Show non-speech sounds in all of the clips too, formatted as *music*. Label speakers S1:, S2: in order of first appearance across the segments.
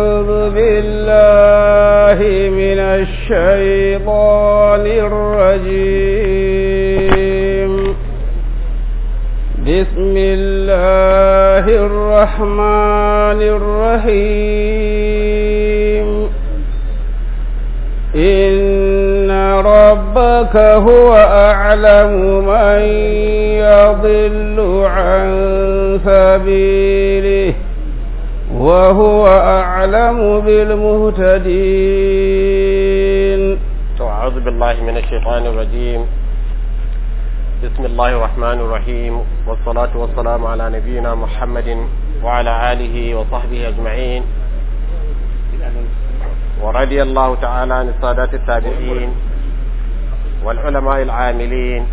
S1: أعوذ بالله من الشيطان الرجيم بسم الله الرحمن الرحيم إن ربك هو أعلم من يضل عن سبيله وهو أعلم بالمهتدين أعوذ بالله
S2: من الشيطان الرجيم بسم الله الرحمن الرحيم والصلاة والسلام على نبينا محمد وعلى آله وصحبه أجمعين ورضي الله تعالى عن السادات التابعين والعلماء العاملين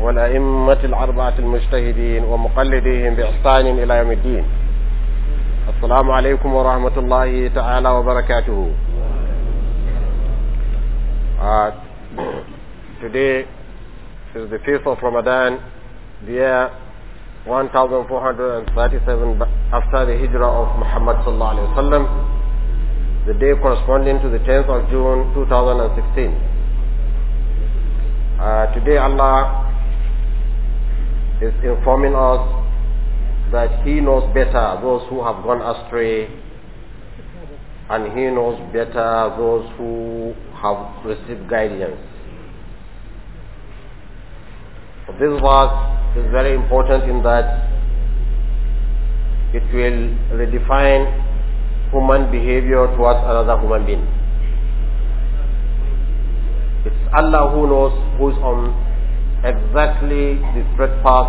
S2: والأئمة الأربعة المجتهدين ومقلديهم بإحسان إلى يوم الدين السلام عليكم ورحمة الله تعالى وبركاته uh, *clears throat* Today is the 5th of Ramadan the year 1437 after the hijrah of Muhammad sallallahu alaihi wasallam the day corresponding to the 10th of June 2016 uh, today Allah is informing us that he knows better those who have gone astray and he knows better those who have received guidance. this verse is very important in that it will redefine human behavior towards another human being. It's Allah who knows who is on exactly the straight path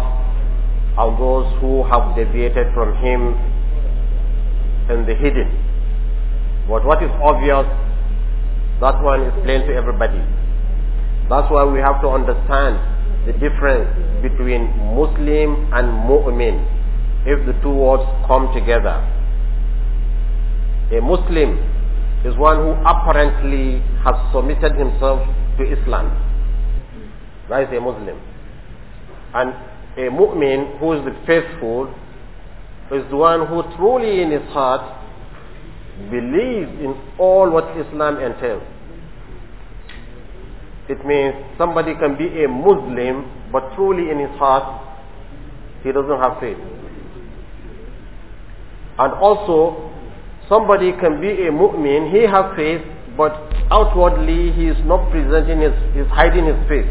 S2: and those who have deviated from him in the hidden. But what is obvious, that one is plain to everybody. That's why we have to understand the difference between Muslim and Mu'min if the two words come together. A Muslim is one who apparently has submitted himself to Islam. That is a Muslim. And a mu'min who is the faithful is the one who truly in his heart believes in all what Islam entails. It means somebody can be a Muslim but truly in his heart he doesn't have faith. And also somebody can be a mu'min, he has faith but outwardly he is not presenting his, he is hiding his faith.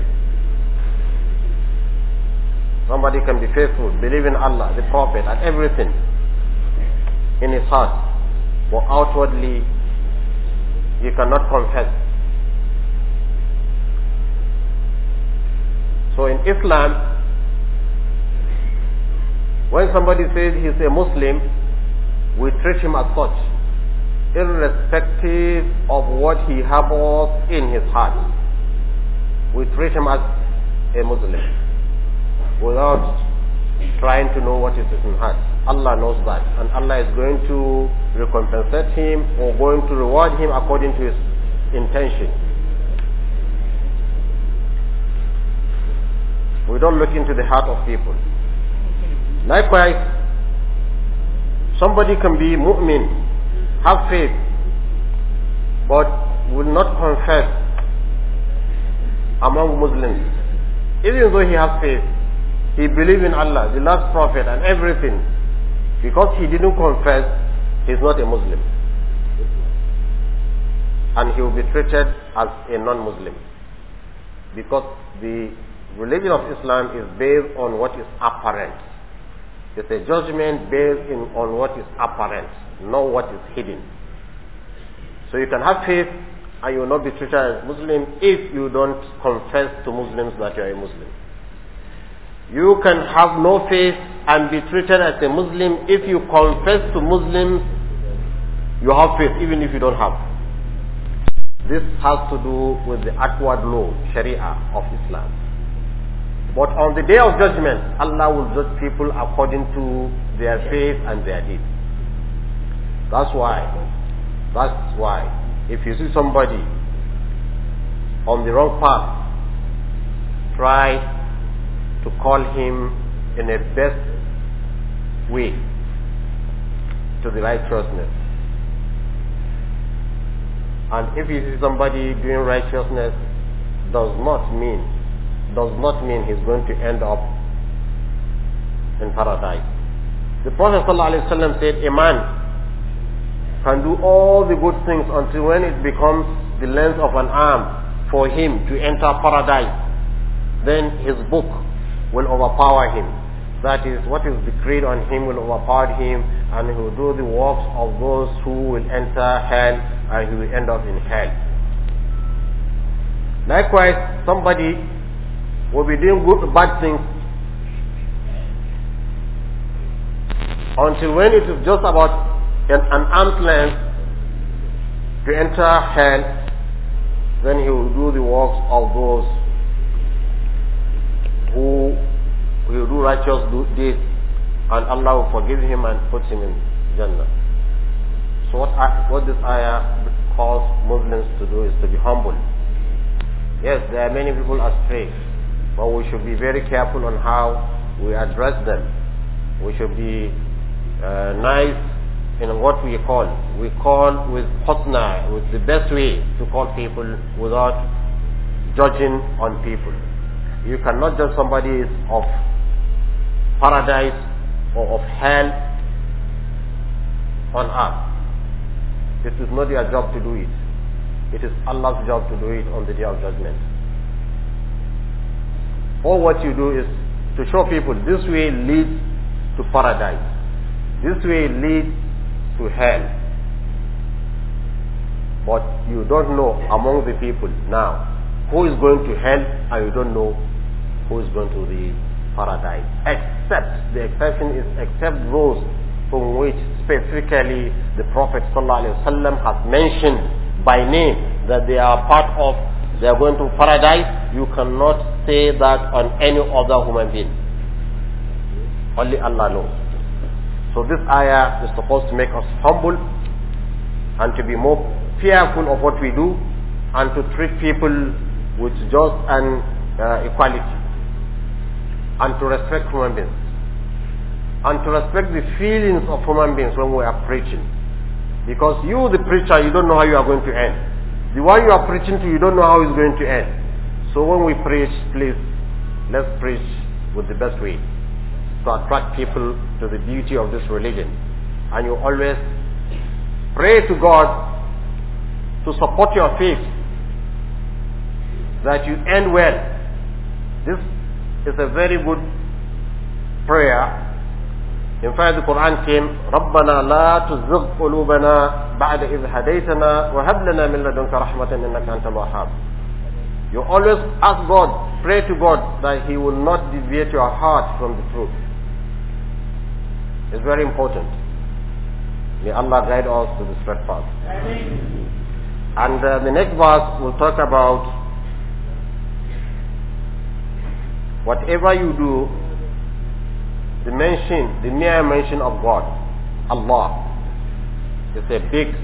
S2: Somebody can be faithful, believe in Allah, the Prophet, and everything in his heart. But outwardly, he cannot confess. So in Islam, when somebody says he's a Muslim, we treat him as such, irrespective of what he harbors in his heart. We treat him as a Muslim without trying to know what is in his heart. Allah knows that. And Allah is going to recompense him or going to reward him according to his intention. We don't look into the heart of people. Likewise, somebody can be mu'min, have faith, but will not confess among Muslims, even though he has faith. He believed in Allah, the last prophet and everything. Because he didn't confess, he's not a Muslim. And he will be treated as a non-Muslim. Because the religion of Islam is based on what is apparent. It's a judgment based in, on what is apparent, not what is hidden. So you can have faith and you will not be treated as Muslim if you don't confess to Muslims that you are a Muslim. You can have no faith and be treated as a Muslim if you confess to Muslims you have faith even if you don't have. This has to do with the outward law, Sharia of Islam. But on the day of judgment, Allah will judge people according to their faith and their deeds. That's why, that's why, if you see somebody on the wrong path, try to call him in a best way to the righteousness. And if you see somebody doing righteousness, does not mean, does not mean he's going to end up in paradise. The Prophet ﷺ said, a man can do all the good things until when it becomes the length of an arm for him to enter paradise. Then his book will overpower him. That is, what is decreed on him will overpower him and he will do the works of those who will enter hell and he will end up in hell. Likewise, somebody will be doing good bad things until when it is just about an, an arm's length to enter hell, then he will do the works of those who will do righteous deeds and Allah will forgive him and put him in Jannah. So what, what this ayah calls Muslims to do is to be humble. Yes, there are many people astray, but we should be very careful on how we address them. We should be uh, nice in what we call. We call with husna, with the best way to call people without judging on people. You cannot judge somebody is of paradise or of hell on earth. It is not your job to do it. It is Allah's job to do it on the day of judgment. All what you do is to show people this way leads to paradise. This way leads to hell. But you don't know among the people now who is going to hell and you don't know who is going to the paradise. Except, the exception is except those from which specifically the Prophet ﷺ has mentioned by name that they are part of, they are going to paradise. You cannot say that on any other human being. Only Allah knows. So this ayah is supposed to make us humble and to be more fearful of what we do and to treat people with just an uh, equality and to respect human beings and to respect the feelings of human beings when we are preaching. Because you, the preacher, you don't know how you are going to end. The one you are preaching to, you don't know how it's going to end. So when we preach, please, let's preach with the best way to attract people to the beauty of this religion. And you always pray to God to support your faith that you end well. This is a very good prayer. In fact, the Quran came, رَبَّنَا لَا تُزِغْ قُلُوبَنَا بَعْدَ إِذْ هَدَيْتَنَا وَهَبْ لَنَا مِنْ لَدُنْكَ رَحْمَةً إِنَّكَ أَنْتَ الْوَهَّابُ You always ask God, pray to God that He will not deviate your heart from the truth. It's very important. May Allah guide us to the straight path.
S3: Amen.
S2: And uh, the next verse will talk about Whatever you do, the mention, the mere mention of God, Allah, is a big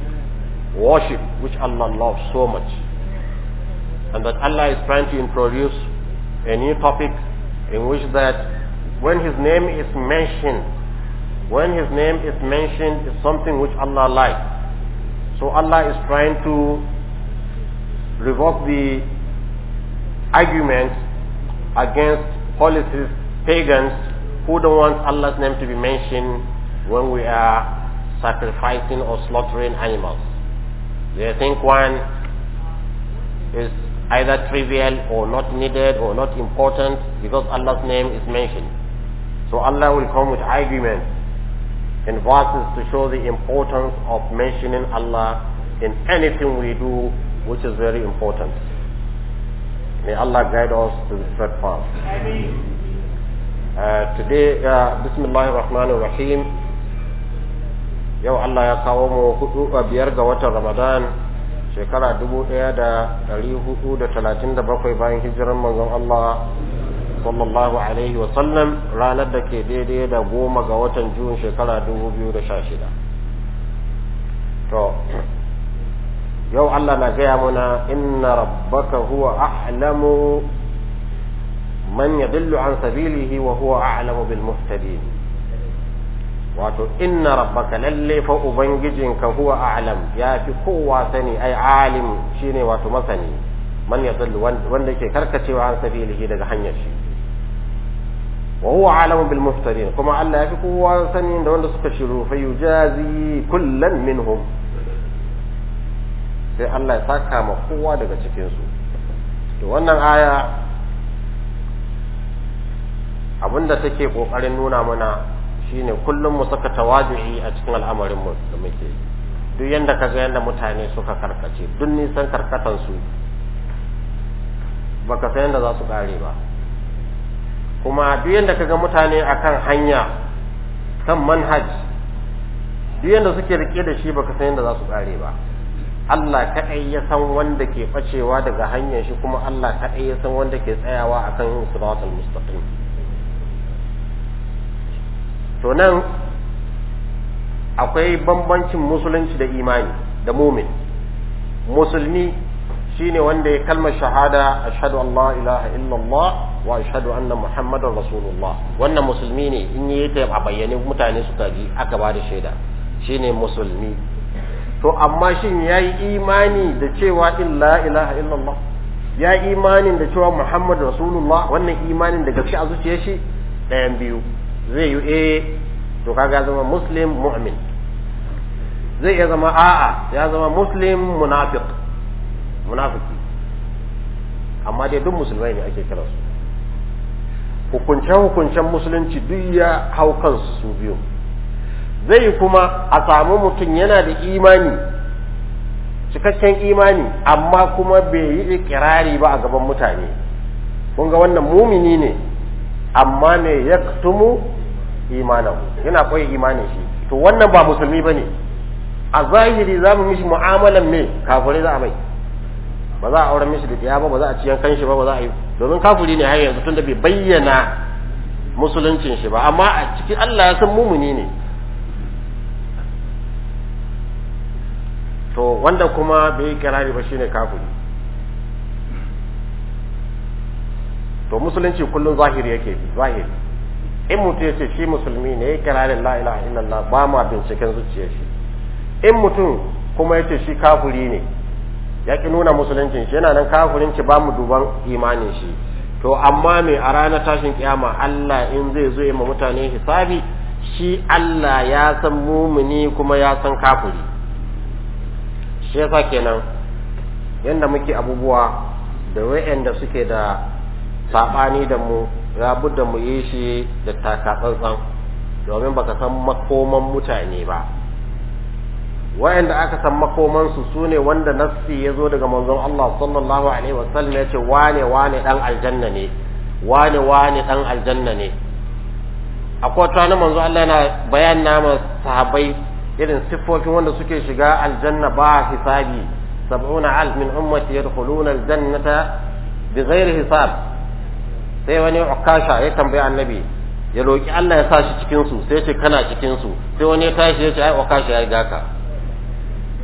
S2: worship which Allah loves so much. And that Allah is trying to introduce a new topic in which that when His name is mentioned, when His name is mentioned is something which Allah likes. So Allah is trying to revoke the argument against polytheists, pagans who don't want Allah's name to be mentioned when we are sacrificing or slaughtering animals. They think one is either trivial or not needed or not important because Allah's name is mentioned. So Allah will come with arguments and verses to show the importance of mentioning Allah in anything we do which is very important. May Allah guide us to the third path.
S3: Uh,
S2: today, uh, Bismillahir Rahmanir Rahim, yau Allah ya kawo mu hudu a uh, biyar ga watan Ramadan shekara dubu ɗaya da ɗari hudu da talatin da bakwai bayan hijiran manzon Allah sallallahu alaihi wasallam ranar da ke daidai da goma ga watan Jun shekara dubu biyu da sha shida. To, yau Allah na gaya muna inna rabbaka huwa a'lamu man yadullu an sabilihi wa huwa a'lamu bil muhtadin wato inna rabbaka lalle fa ubangijinka huwa a'lam ya fi kowa sani ai alim shine wato masani man yadullu wanda ke karkacewa an sabilihi daga hanyar shi wa huwa a'lamu bil muhtadin kuma Allah ya fi kowa sani da wanda suka shiru fa yujazi kullan minhum sai Allah ya saka ma kowa daga cikinsu to wannan aya abinda take kokarin nuna mana shine kullum mu saka tawadu'i a cikin al'amarin mu da muke duk yanda ka ga yanda mutane suka karkace duk nisan karkatan su baka san yanda za su kare ba kuma duk yanda ka ga mutane akan hanya kan manhaj duk yanda suke rike da shi baka san yanda za su kare ba Allah kaɗai ya san wanda ke ɓacewa daga hanyar shi kuma Allah kaɗai ya san wanda ke tsayawa a kan siratul mustaqim to nan akwai bambancin musulunci da imani da mumin musulmi shine wanda ya kalmar shahada ashhadu an la ilaha illallah wa ashhadu anna muhammadar rasulullah wannan musulmi ne in yi ta a bayyane mutane suka ji aka ba da shaida shine musulmi to amma shin ya yi imani da cewa illa ilaha illallah ya yi imanin da cewa muhammad rasulullah wannan imanin da gaske a zuciya shi ɗayan biyu zai yi eh to kaga zama muslim mu'min zai iya zama a'a ya zama muslim munafiq munafiki amma dai duk musulmai ne ake kiransu hukuncen hukuncen musulunci duk ya hau kansu su biyu zai kuma a samu mutum yana da imani cikakken imani amma kuma bai yi ikirari ba a gaban mutane kun ga wannan mumini ne amma ne ya tumu imanin yana koyi imanin shi to wannan ba musulmi ba ne a zahiri za mu mishi mu'amalan me kafirai za a mai ba za a auren mishi da ɗaya ba ba za a ciyan kan shi ba ba za a yi domin kafiri ne har yanzu da bai bayyana musuluncin shi ba amma a cikin Allah ya san mumuni ne to wanda kuma bai yi kirari ba shine kafiri to musulunci kullum zahiri yake bi zahiri in mutum ya ce shi musulmi ne ya kirarin la ilaha illallah ba ma binciken zuciyar shi in mutum kuma ya ce shi kafiri ne ya ki nuna musuluncin shi yana nan kafirin ba mu duban imanin shi to amma me a ranar tashin kiyama Allah in zai zo ma mutane hisabi shi Allah ya san mumuni kuma ya san kafiri shi yasa kenan yadda muke abubuwa da wayanda suke da saɓani da mu rabu da mu yi shi da takatsantsan domin baka san makoman mutane ba wayanda aka san makoman su sune wanda nassi ya zo daga manzon Allah sallallahu alaihi sallam ya ce wane wane dan aljanna ne wane wane dan aljanna ne akwai tana manzo Allah yana bayan nama sahabbai irin siffofin wanda suke shiga aljanna ba hisabi sab'una alf min ummati yadkhuluna aljannata bighairi hisab sai wani ukasha ya tambayi annabi ya roki Allah ya sa shi cikin su sai ce kana cikin su sai wani ya tashi ya ce ai ukasha ya riga ka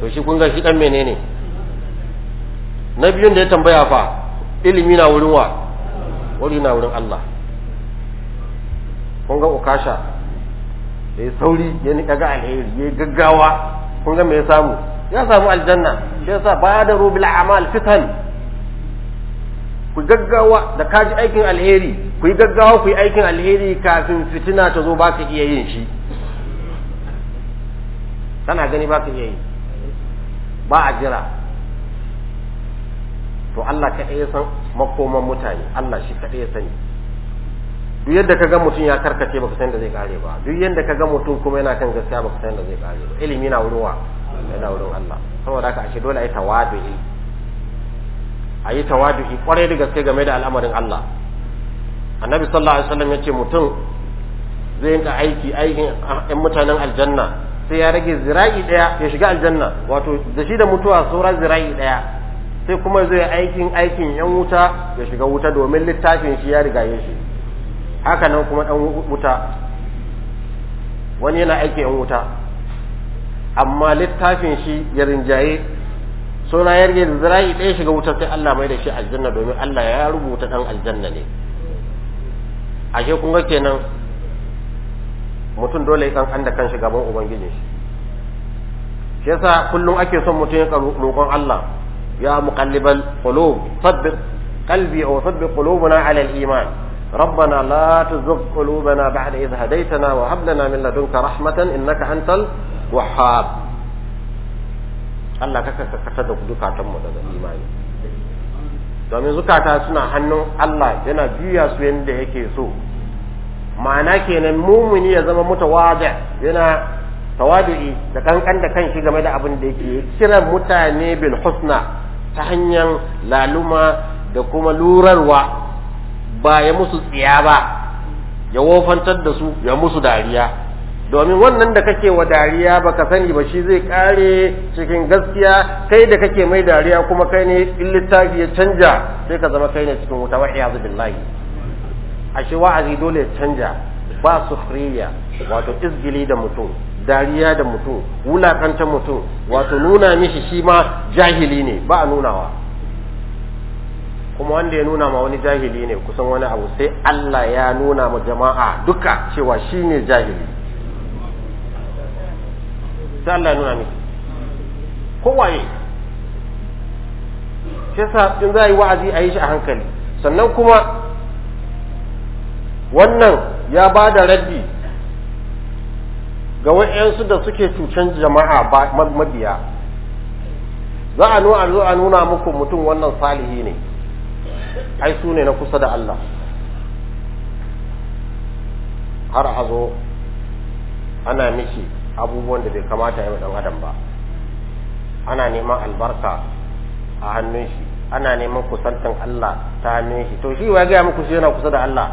S2: to shi kun ga shi dan menene na biyun da ya tambaya fa ilimi na wurin wa wuri na wurin Allah kun ga ukasha da ya sauri ya nika ga alheri ya gaggawa kun ga me ya samu ya samu aljanna ba da badaru bil a'mal fitan ku gaggawa da kaji aikin alheri ku yi gaggawa ku yi aikin alheri kafin fitina ta zo ba ka iya yin shi kana gani ba ka iya yi ba a jira to Allah ka ya san makoman mutane Allah shi ka ya sani duk yadda ka ga mutum ya karkace baka san da zai kare ba duk yadda ka ga mutum kuma yana kan gaskiya baka san da zai kare ba ilimi na wurin wa yana wurin Allah saboda haka ashe dole ayi tawadu'i ayi tawadu'i kwarai da gaske game da al'amarin Allah annabi sallallahu alaihi wasallam yace mutum zai yi aiki aikin ɗan ah, mutanen aljanna sai ya rage zira'i daya ya shiga aljanna wato da shi da mutuwa saura zira'i daya sai kuma zai aikin aikin yan wuta ya shiga wuta domin littafin shi ya riga ya shi haka nan kuma ɗan wuta wani yana aiki ɗan wuta amma littafin shi ya rinjaye suna yarge da zira'i ɗaya shiga wuta sai Allah mai da shi aljanna domin Allah ya rubuta ɗan aljanna ne ashe kun ga kenan mutum dole ya kankan da kanshi gaban ubangijin shi shi yasa kullum ake son mutum ya roƙon Allah ya muqallibal qulub sabbit qalbi aw sabbit qulubuna ala al-iman ربنا لا تزغ قلوبنا بعد إذ هديتنا وهب لنا من لدنك رحمة إنك أنت الوهاب Allah ka karkata da dukatanmu daga imani domin zukata suna hannun Allah yana juya su yadda yake so ma'ana kenan mumuni ya zama mutawada yana tawadu'i da kankan da kanshi game da abin da yake kira mutane bil husna ta hanyar laluma da kuma lurarwa ba ya musu tsiya ba ya wofantar da su ya musu dariya domin wannan da kake wa dariya baka sani ba shi zai kare cikin gaskiya kai da kake mai dariya kuma kai ne in littafi ya canja sai ka zama kai ne cikin wuta wa iyazu billahi ashe wa'azi dole ya canja ba sufriya wato izgili da mutum dariya da mutum wulakanta mutum wato nuna mishi shi ma jahili ne ba a nunawa kuma wanda ya nuna ma wani jahili ne kusan wani abu sai Allah ya nuna ma jama'a duka cewa shi ne jahili sai Allah ya nuna miki kowaye shi sa in za a yi wa'azi a yi shi a hankali sannan kuma wannan ya ba da raddi ga wa'yansu da suke cutar jama'a mabiya za a nuna muku mutum wannan salihi ne ai su ne na kusa da Allah har a zo ana mishi abubuwan da bai kamata ya dan adam ba ana neman albarka a hannun shi ana neman kusantan Allah ta hannun shi to shi wa gaya muku shi yana kusa da Allah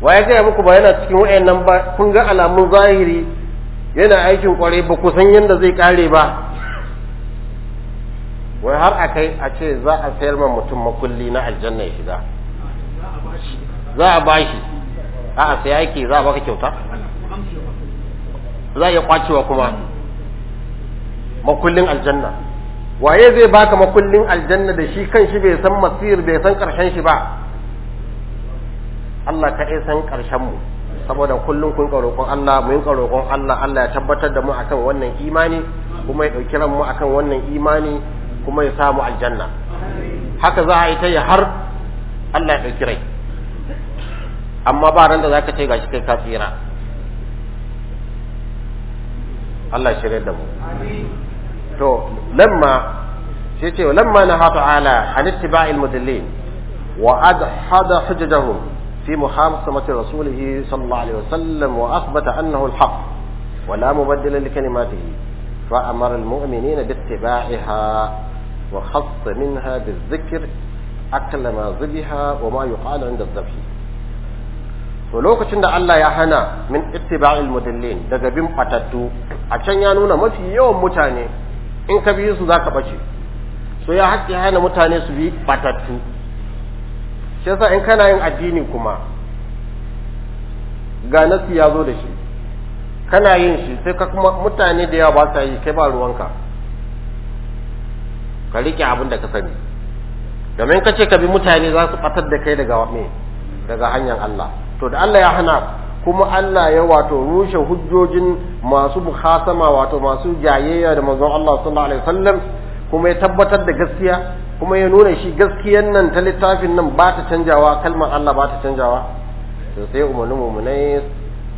S2: wa ya gaya muku ba yana cikin wayannan ba kun ga alamun zahiri yana aikin kwarai ba ku san yadda zai kare ba wai har a kai a ce za a sayar ma mutum makulli na aljanna ya shiga za a bashi a a sai yake za a baka kyauta za a iya kwacewa kuma makullin aljanna waye zai baka makullin aljanna da shi kan shi bai san masir bai san karshen shi ba Allah ka san karshen mu saboda kullum kun roƙon Allah mu yin roƙon Allah Allah ya tabbatar da mu akan wannan imani kuma ya ɗauki mu akan wannan imani kuma ya samu aljanna haka za a yi ta yi har Allah ya ɗauki rai amma ba ran da za ka ce gashi kai ka tsira Allah shirya da mu to lamma shi ce lamma na hatu ala an ittiba'il mudallin wa adhada hujjahum fi muhamsamati rasulih sallallahu alaihi wasallam wa athbata annahu alhaq wa la mubaddila li kalimatihi fa amara almu'minina bi ittiba'iha وخص منها بالذكر أكل ما ذبها وما يقال عند الذبح lokacin da Allah ya hana min ittiba'il mudallin daga bin fatattu a can ya nuna mafi yawan mutane in ka bi su zaka bace so ya haƙƙi hana mutane su bi fatattu shi yasa in kana yin addini kuma ga nasu ya zo da shi kana yin shi sai ka kuma mutane da yawa ba sa yi kai ba ruwanka ka rike abin da ka sani domin ka ce ka bi mutane za su batar da kai daga me daga hanyar Allah to da Allah ya hana kuma Allah ya wato rushe hujjojin masu bukhasama wato masu jayayya da manzon Allah sallallahu alaihi wasallam kuma ya tabbatar da gaskiya kuma ya nuna shi gaskiyan nan ta littafin nan ba ta canjawa kalmar Allah ba ta canjawa to sai umarnin mumunai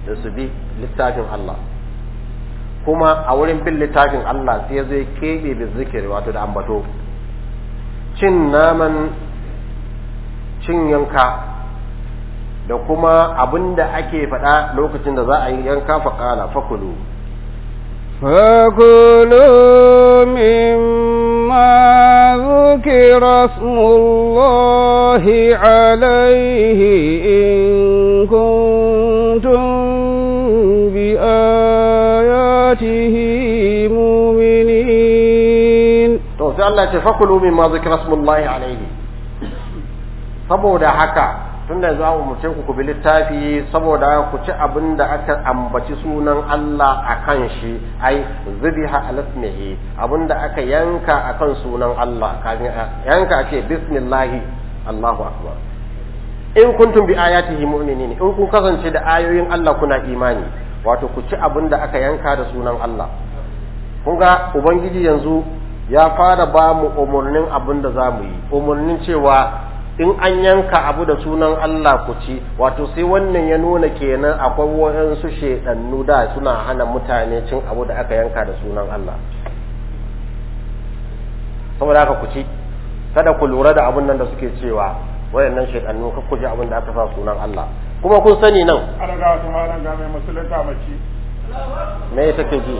S2: da su bi littafin Allah kuma a wurin bin littafin Allah sai ya zo ya keɓe bi wato da ambato cin naman cin yanka da kuma abin da ake faɗa lokacin da za a yi yanka faƙala fakulu
S1: فكلوا مما ذكر اسم الله عليه إن كنتم بآياته
S2: مؤمنين to الله Allah ce fakulu mimma zikra smullahi alaihi saboda haka tun tunda za mu mutum ku bi littafi saboda ku ci abin da aka ambaci sunan Allah a kan shi ai zubiha alasmihi abin da aka yanka akan sunan Allah kafin yanka a ce bismillahi Allahu akbar in kuntum bi ayatihi mu'minin in kun kasance da ayoyin Allah kuna imani wato ku ci abin da aka yanka da sunan Allah kun ga ubangiji yanzu ya fara ba mu umurnin abin da za mu yi umurnin cewa in an yanka abu da sunan Allah ku ci wato sai wannan ya nuna kenan akwai waɗansu shedannu da suna hana mutane cin abu da aka yanka da sunan Allah saboda haka ku ci kada ku lura da abun nan da suke cewa wayannan shekannu ka kuje abin da aka sa sunan Allah kuma kun sani nan
S1: an ga wata malam ga mai musulunta mace me ya take ji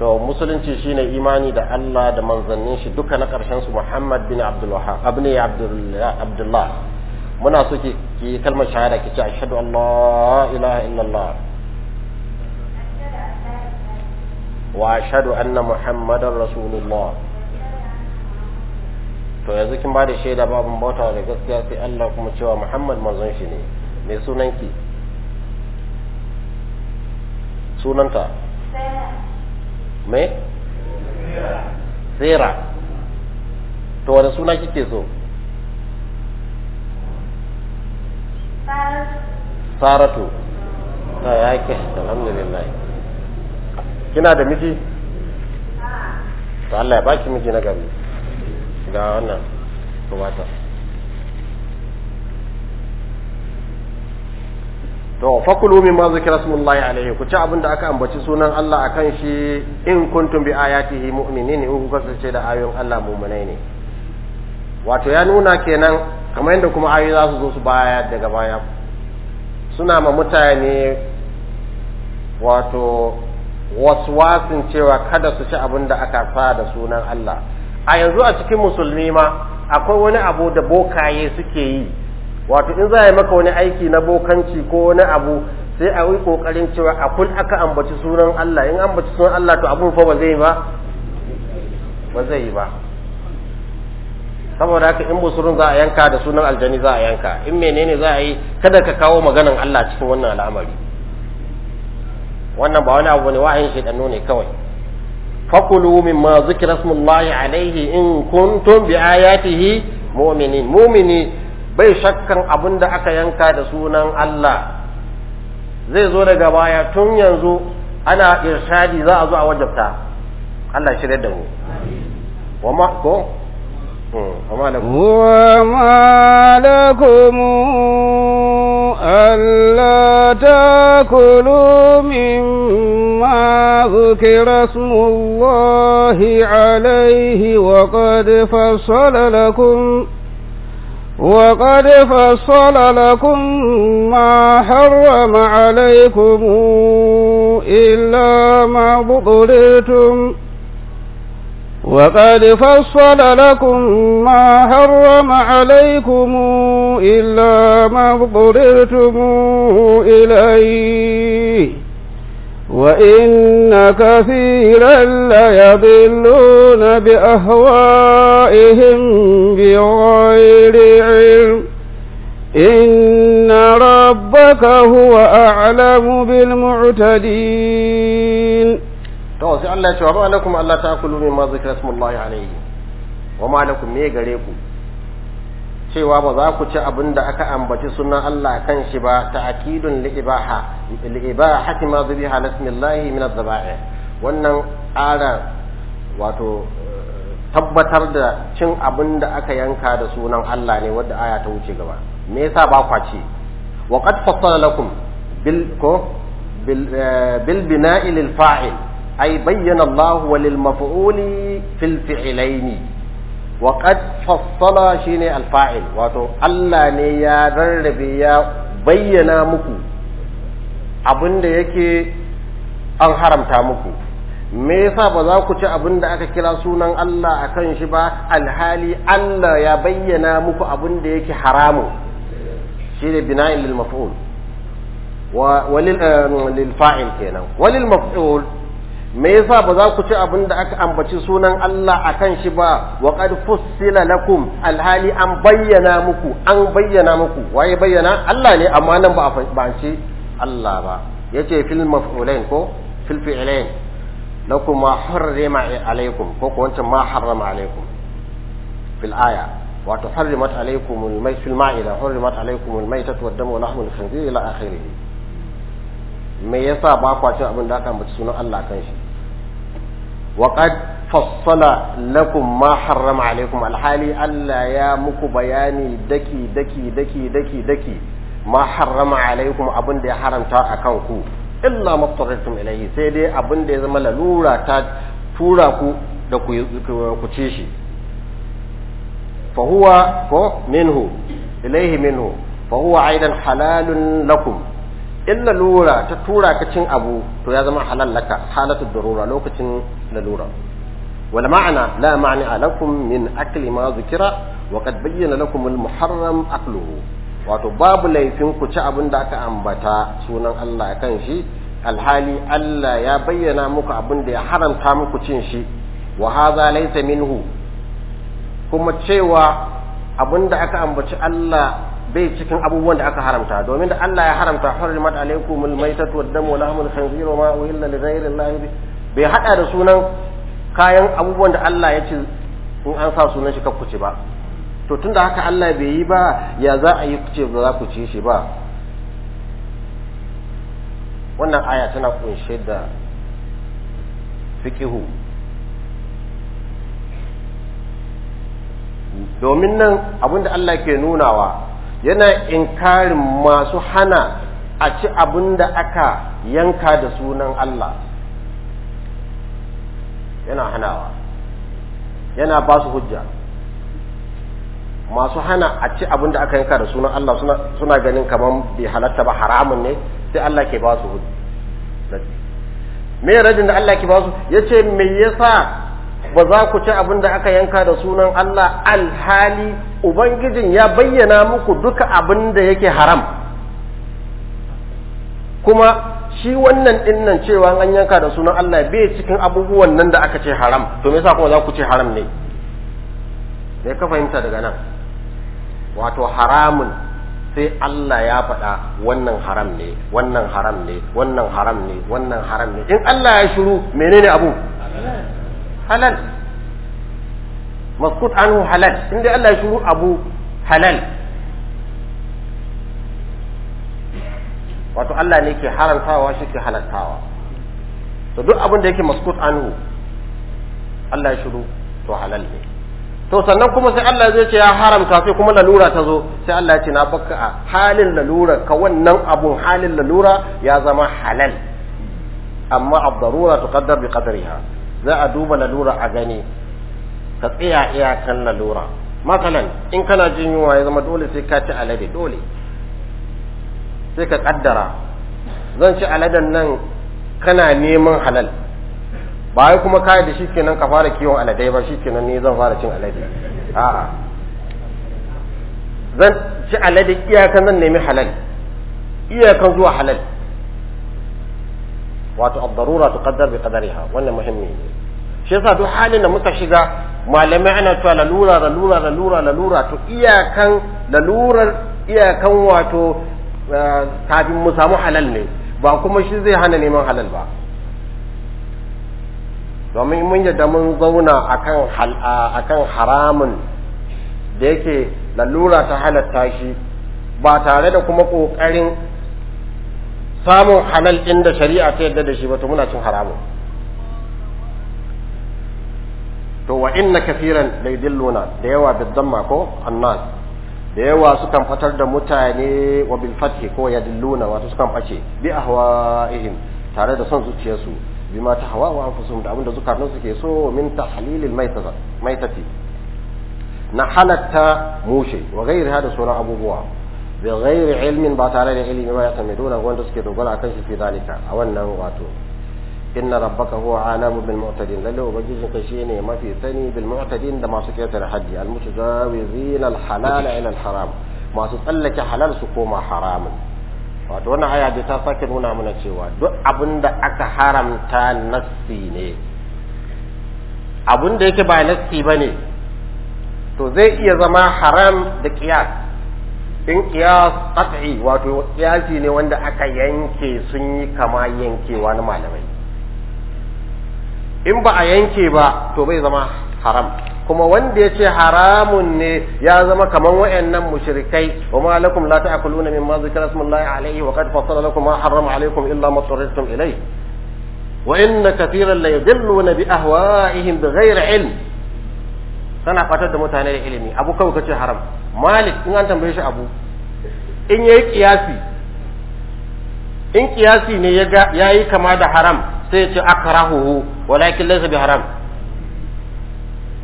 S2: to musulunci shine imani da Allah da manzannin shi duka na karshen su Muhammad bin Abdul Wahhab abni Abdullah muna so ki ki kalmar shahada ki ce ashhadu an la ilaha illallah wa ashhadu anna muhammadar rasulullah to yanzu kin ba da shaida babin bauta da gaskiya sai Allah kuma cewa Muhammad manzon shi ne mai sunanki sunanta me Sera to wani suna kike so Saratu ta yake alhamdulillah kina da miji to Allah ya baki miji na gari ga wannan wata to fakulu min ma zikra smullahi alaihi ku ci abinda aka ambaci sunan Allah akan shi in kuntum bi ayatihi mu'minin in kuka sace da ayoyin Allah mu'minai ne wato ya nuna kenan kamar yadda kuma ayoyi za su zo su baya daga baya suna ma mutane wato waswasin cewa kada su ci abin da aka fara da sunan Allah a yanzu a cikin musulmi ma akwai wani abu da bokaye suke yi wato in za a yi maka wani aiki na bokanci ko wani abu sai a yi kokarin cewa a kun aka ambaci sunan Allah in ambaci sunan Allah to abun fa ba zai ba ba zai ba saboda haka in busurun za a yanka da sunan aljani za a yanka in menene za a yi kada ka kawo maganan Allah cikin wannan al'amari wannan ba wani abu ne wa'ayin shedanu ne kawai fakulu mimma zikra smullahi alaihi in kuntum bi ayatihi mu'minin mu'mini bai shakkan abin da aka yanka da sunan Allah zai zo daga baya tun yanzu ana irshadi za a zo a wajabta Allah shirya da mu
S1: وما لكم ألا تأكلوا مما ذكر اسم الله عليه وقد فصل لكم وقد فصل لكم ما حرم عليكم إلا ما بطلتم وقد فصل لكم ما حرم عليكم إلا ما اضطررتم إليه وإن كثيرا ليضلون بأهوائهم بغير علم إن ربك هو أعلم بالمعتدين
S2: to sai Allah ya ce wa lakum Allah min ma zikra smullahi alayhi wa ma lakum me gare ku cewa ba za ku ci abin da aka ambaci sunan Allah kan shi ba ta'kidun li ibaha li ibahati ma zubiha lasmillahi min adh wannan ara wato tabbatar da cin abin da aka yanka da sunan Allah ne wadda aya ta wuce gaba me yasa ba kwa ci wa qad fassala lakum bil ko bil eh, bina'il fa'il أي بين الله وللمفعول في الفعلين وقد فصل شيني الفاعل واتو الله ne ya rarrabe ya bayyana muku abin da yake an haramta muku me yasa ba za ku ci abin da aka kira sunan Allah akan shi ba alhali Allah ya bayyana muku abin da yake haramu ne bina'il lil maf'ul wa lil fa'il kenan walil maf'ul me yasa ba za ku ci abin da aka ambaci sunan Allah akan shi ba wa qad fussila lakum alhali an bayyana muku an bayyana muku waye bayyana Allah ne amma nan ba a ce Allah ba yace fil maf'ulain ko fil fi'lain lakum ma harrama alaykum ko ko wancan ma harrama alaykum fil aya wato tuharrimat alaykum al fil ma'ida harrimat alaykum al-maytatu wad-damu wa lahmul khinzir ila akhirih me yasa ba kwa abin da aka ambaci sunan Allah kan shi وقد فصل لكم ما حرم عليكم الحالي ألا يا مكو بياني دكي دكي دكي دكي دكي ما حرم عليكم أبن دي حرم تا أكنكو إلا ما اضطررتم إليه سيدي أبن دي زمال لورا تا توراكو دكو تشيشي فهو منه إليه منه فهو أيضا حلال لكم in lalura ta tura ka cin abu to ya zama halal laka halatu darura lokacin lalura wal ma'ana la ma'ani alakum min akli ma zikira wa qad bayyana lakum al muharram akluhu wato babu laifin ku ci abin da aka ambata sunan Allah kan shi alhali Allah ya bayyana muku abin da ya haramta muku cin shi wa hadha laysa minhu kuma cewa abin da aka ambaci Allah bai cikin abubuwan da aka haramta domin da Allah ya haramta hurrimat alaykumul maytatu wad damu wa lahmul khinzir wa ma uhilla li ghayrillahi bai hada da sunan kayan abubuwan da Allah ya ce in an sa sunan shi kakkuce ba to tunda haka Allah bai yi ba ya za a yi kuce ba za ku ci shi ba wannan aya tana kunshe da fikihu domin nan da Allah ke nunawa yana inkarin masu hana a ci abin da aka yanka da sunan Allah yana hanawa yana ba su hujja masu hana a ci abin da aka yanka da sunan Allah suna ganin kamar bai halatta ba haramun ne sai Allah ke ba su hujja me radin da Allah ke ba su ya ce me yasa ba za ku ci abin da aka yanka da sunan Allah alhali Ubangijin ya bayyana muku duka abin da yake haram kuma shi wannan dinnan cewa an yanka da sunan Allah bai cikin abubuwan nan da aka ce haram to me yasa kuma za ku ce haram ne me ka fahimta daga nan wato haramun sai Allah ya faɗa wannan haram ne wannan haram ne wannan haram ne wannan haram ne in Allah ya shiru menene abu halal maskut anhu halal inda Allah ya shuru abu halal wato Allah ne ke harantawa shi ke halartawa to duk abin da yake maskut anhu Allah ya shuru to halal ne to sannan kuma sai Allah zai ce ya haramta sai kuma lalura ta zo sai Allah ya ce na baka a halin lalura ka wannan abun halin lalura ya zama halal amma abdarura tuqaddar bi qadriha za a duba lalura a gani ka tsaya iyakan lalura masalan in kana jin yunwa ya zama dole sai ka ci alade dole sai ka kaddara zan ci aladen nan kana neman halal ba ya kuma kai da shikenan ka fara kiwon aladai ba shikenan ne zan fara cin alade a'a zan ci alade iyakan zan nemi halal iyakan zuwa halal wato ad-darura tuqaddar bi qadariha wannan muhimmi ne shi yasa duk halin da muka shiga malamai ana cewa lalura lalura lalura lalura to iyakan lalurar iyakan wato eh, kafin mu samu halal ne ba kuma shi zai hana neman halal ba domin mun yadda mun zauna akan akan haramun da yake lalura ta halatta shi ba tare da kuma ƙoƙarin samun halal ɗin da shari'a ta yadda da shi ba muna cin haramun to wa inna kafiran da yudilluna da yawa biddamma ko annas da yawa sukan fatar da mutane wa bil fathi ko yadilluna wato sukan bace bi ahwa'ihim tare da son zuciyarsu bima ta hawa wa anfusum da abinda zukarnu suke so min tahlilil maitati na halatta mushe wa gairi da sauran abubuwa bi ghairi ilmin ba tare da ilimi ma ya tamiduna wanda suke dogara akan shi fi a wannan wato inna rabbaka huwa alamu bil mu'tadin lalle ubangijin mafi sani bil da masu ketare haddi al haram masu tsallake halal su koma wato wannan aya ta sake nuna mana cewa duk abin da aka haramta nassi ne abin da yake ba nassi bane to zai iya zama haram da kiyas. in qiyas qat'i wato qiyasi ne wanda aka yanke sun yi kama yankewa na malamai in ba a yanke ba to bai zama haram kuma wanda ya ce haramun ne ya zama kaman wayannan mushrikai wa ma lakum la ta'kuluna mimma zikra smullahi alayhi wa qad fassala lakum ma harrama alaykum illa ma turritum ilayhi wa inna katiran la yudilluna bi ahwa'ihim bighayri ilm fatar da mutane da ilimi abu kawai kace haram malik in an tambaye shi abu in yayi kiyasi in kiyasi ne ya ga yayi kama da haram sai ya ce akrahuhu walakin laysa bi haram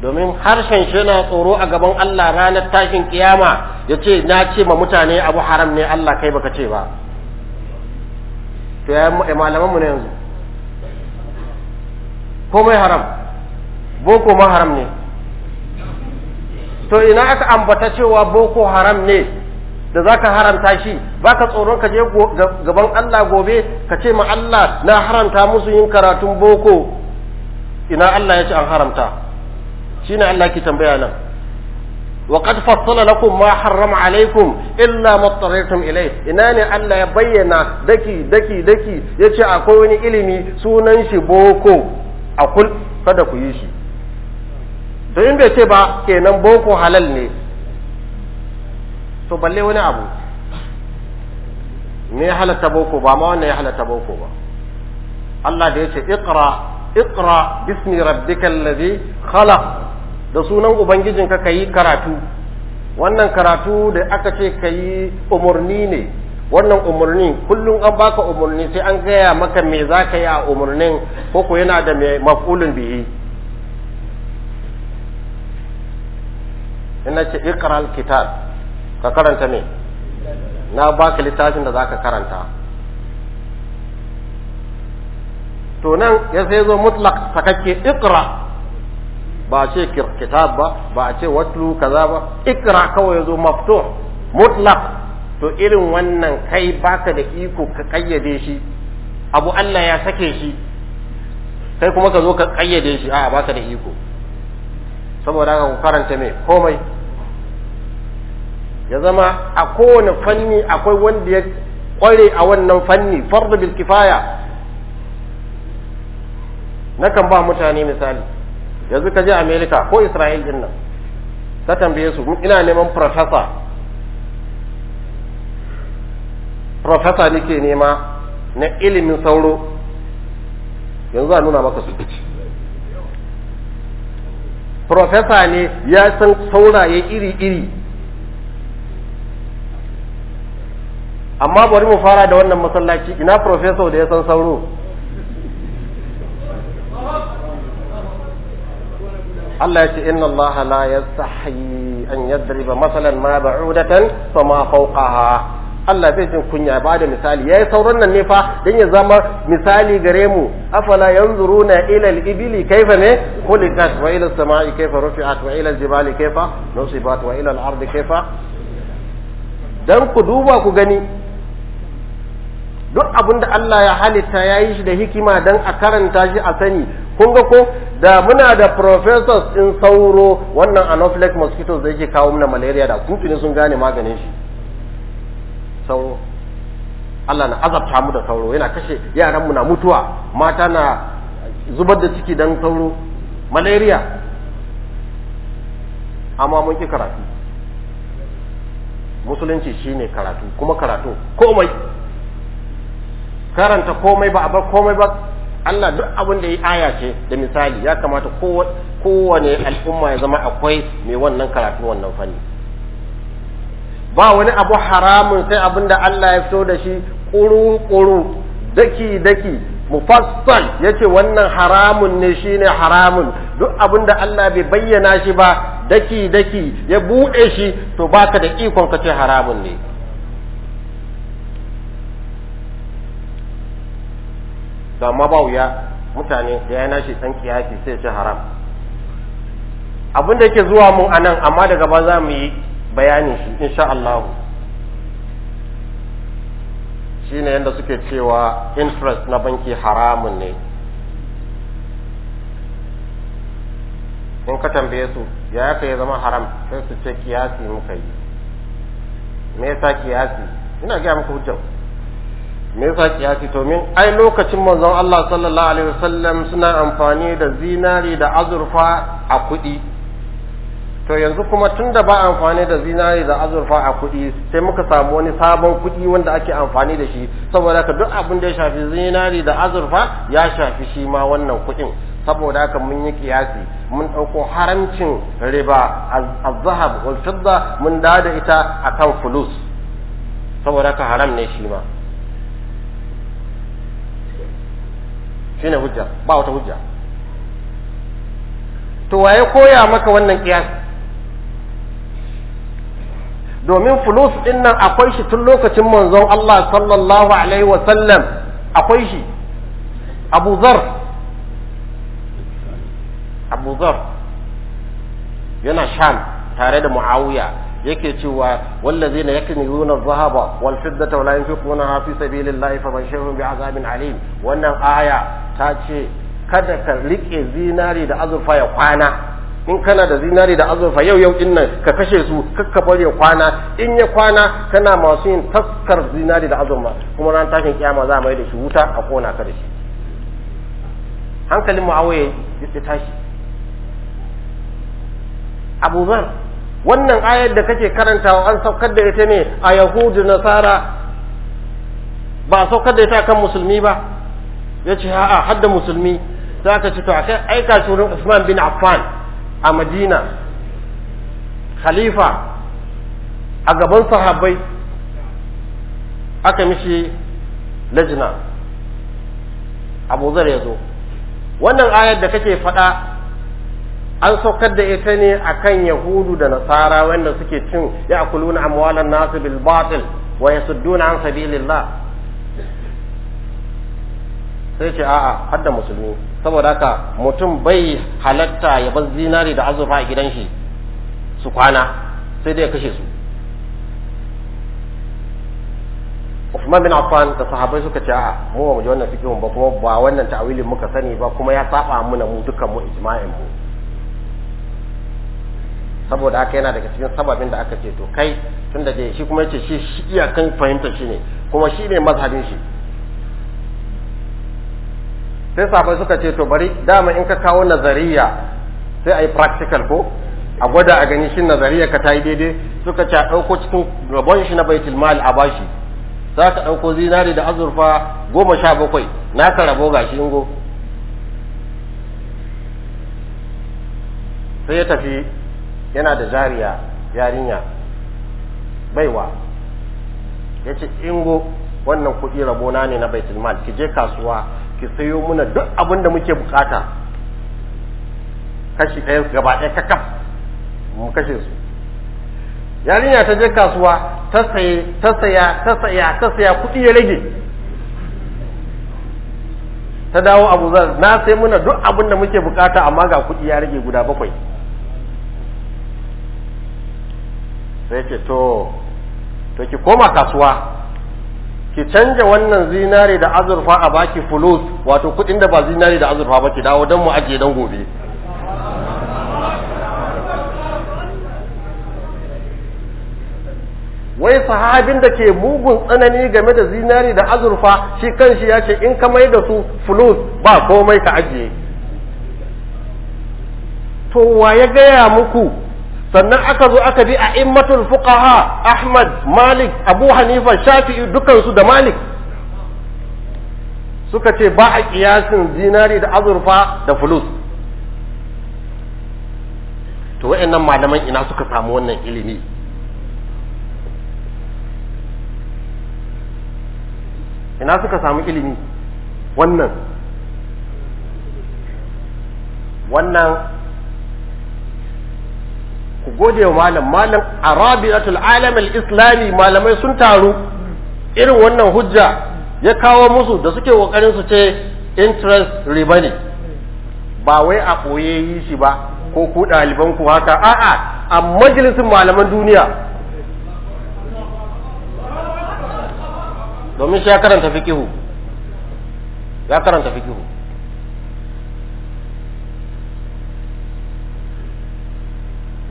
S2: domin harshen shi na tsoro a gaban Allah ranar tashin kiyama ya ce na ce ma mutane abu haram ne Allah kai baka ce ba to ya malaman mu ne yanzu ko mai haram boko ma haram ne to ina aka ambata cewa boko haram ne da za ka haramta shi ba ka tsoron ka je gaban Allah gobe ka ce ma Allah na haramta musu yin karatun boko ina Allah ya ce an haramta shi ne Allah ke tambaya nan wa qad fassala lakum ma harrama alaikum illa ma taraytum ilai ina ne Allah ya bayyana daki daki daki yace akwai wani ilimi sunan shi boko akul kada ku yi shi to in bai ce ba kenan boko halal ne to balle wani abu ne ya halatta boko ba ma wannan ya halatta boko ba Allah da ya ce ikra iqra bismi rabbikal ladhi khalaq da sunan ubangijin ka kayi karatu wannan karatu da aka ce kayi umurni ne wannan umarni kullum an baka umarni sai an gaya maka me za ka yi a umarnin ko yana da mai maf'ulun bihi ina ce ikral kitab ka karanta me na baka littafin da zaka karanta to nan ya sai zo mutlaq sakakke ikra ba ce kitab ba ba ce watlu kaza ba ikra kawai zo maftu mutlak to irin wannan kai baka da iko ka kayyade shi abu Allah ya sake shi kai kuma ka zo ka kayyade shi a baka da iko saboda haka ku karanta me komai ya zama a kowane fanni akwai wanda ya kware a wannan fanni fardu bil kifaya kan ba mutane misali yanzu ka je america ko israel din nan ta tambaye su ina neman professor professor nike nema na ilimin sauro yanzu a nuna maka su professor ne ya san sauraye iri-iri amma bari mu fara da wannan masallaci ina professor da ya san sauro Allah ya ce inna Allah la yastahi an yadriba masalan ma ba'udatan fa ma fawqaha Allah zai jin kunya ba da misali yayi sauran nan ne fa dan ya zama misali gare mu afala yanzuruna ila al-ibili kayfa ne khuliqat wa ila as-sama'i kayfa rufi'at wa ila al-jibali kayfa nusibat wa ila al-ardi kayfa dan ku duba ku gani duk abin da Allah ya halitta ya yi shi da hikima don a karanta shi a sani kun ga ko da muna da professors in sauro wannan anopheles mosquitoes da yake kawo mana malaria da tuntuni sun gane maganin shi sauro Allah na azabta mu da sauro yana kashe yaran mu na mutuwa mata na zubar da ciki dan sauro malaria amma mun ki karatu musulunci shine karatu kuma karatu komai karanta komai ba a bar komai ba Allah duk abin da ya aya ce da misali ya kamata kowane al'umma ya zama akwai mai wannan karatu wannan fanni ba wani abu haramun sai abin da Allah ya fito da shi ƙuru-ƙuru daki-daki mufassal ya ce wannan haramun ne shi ne haramun duk abin da Allah bai bayyana shi ba daki-daki ya buɗe shi to baka da ikon ka ce haramun ne. da amma mutane da ya nashi ɗan kiyasi sai ci haram abin da yake zuwa mu anan amma daga ba za mu yi bayanin shi insha Allah shi ne yadda suke cewa interest na banki haramun ne in ka tambaye su ya yaka ya zama haram sai su ce kiyasi muka yi me yasa kiyasi ina gaya muku hujjar me yasa kiyasi to min ai lokacin manzon Allah sallallahu alaihi wasallam suna amfani da zinari da azurfa a kuɗi to yanzu kuma tunda ba amfani da zinari da azurfa a kuɗi sai muka samu wani sabon kuɗi wanda ake amfani da shi saboda haka duk abin da ya shafi zinari da azurfa ya shafi shi ma wannan kuɗin saboda haka mun yi kiyasi mun ɗauko haramcin riba az-zahab wal fidda mun da ita akan fulus saboda haka haram ne shi ma shine hujja ba wata hujja to waye koya maka wannan kiyasi domin fulus din nan akwai shi tun lokacin manzon Allah sallallahu alaihi wa sallam akwai shi Abu Zar Abu Zar yana Sham tare da Muawiya yake cewa na yaknizuna adh zahaba wal fiddata wala yunfiqunaha fi sabilillahi fabashirhum bi'azabin alim wannan aya ta ce kada ka rike zinari da azurfa ya kwana in kana da zinari da azurfa yau yau din nan ka kashe su kakka barya ya kwana in ya kwana kana masu yin taskar zinari da azurfa kuma ran tashin kiyama za mai da shi wuta a kona ka da shi hankalin mu'awiya ya tashi abubakar wannan ayar da kake karantawa an saukar da ita ne a yahudu nasara ba a saukar da ita kan musulmi ba ya ce a'a hadda musulmi za ka ci to a kai aika shi wurin Usman bin Affan a Madina khalifa a gaban sahabbai aka mishi lajina Abu Zar ya zo wannan ayar da kake faɗa an saukar da ita ne a kan yahudu da nasara wanda suke cin na amwalan nasu bil batil wa yasudduna an sabilillah sai ce a'a hadda musulmi saboda haka mutum bai halatta ya bar zinari da azurfa a gidan shi su kwana sai dai ya kashe su Uthman bin Affan da sahabai suka ce a'a mu ba mu ji wannan fikihun ba kuma ba wannan ta'awilin muka sani ba kuma ya saba muna mu dukkan mu ijma'in mu saboda haka yana daga cikin sababin da aka ce to kai tun da shi kuma yace shi shi iyakan fahimta shi ne kuma shi ne mazhabin shi sai safai suka ce to bari dama in ka kawo nazariya sai a yi practical ko a gwada a gani shi nazariya ka ta yi daidai suka ce a ɗauko cikin rabon shi na baitul mal a bashi za ka ɗauko zinari da azurfa goma sha bakwai na ka rabo gashi ingo sai ya tafi yana da jariya yarinya baiwa ya ce ingo wannan kuɗi rabona ne na baitul ki je kasuwa ki sayo muna duk abin da muke bukata kashi ɗaya gaba ɗaya kakaf mu kashe su yarinya ta je kasuwa ta saye ta saya ta saya ta saya kuɗi ya rage ta dawo abu zar na sai muna duk abin da muke bukata amma ga kuɗi ya rage guda bakwai sai ce to to ki koma kasuwa ki canja wannan zinari da azurfa a baki fulus wato kudin da ba zinari da azurfa ba ki dawo don mu ajiye don gobe wai sahabin da ke mugun tsanani game da zinari da azurfa shi kanshi ya ce in ka mai da su fulus ba komai ka ajiye to wa ya gaya muku sannan aka zo aka bi a immatul fuqaha Ahmad Malik Abu Hanifa Shafi'i dukansu da Malik suka ce ba a kiyasin zinari da azurfa da fulus to wa'annan malaman ina suka samu wannan ilimi ina suka samu ilimi wannan wannan ku gode wa malam malam arabiyatul alam islami malamai sun taru irin wannan hujja ya kawo musu da suke kokarin su ce interest ribani ba wai a koye yi shi ba ko ku ɗaliban ku haka a'a a majalisin malaman duniya domin shi ya karanta fikihu, ya karanta fikihu.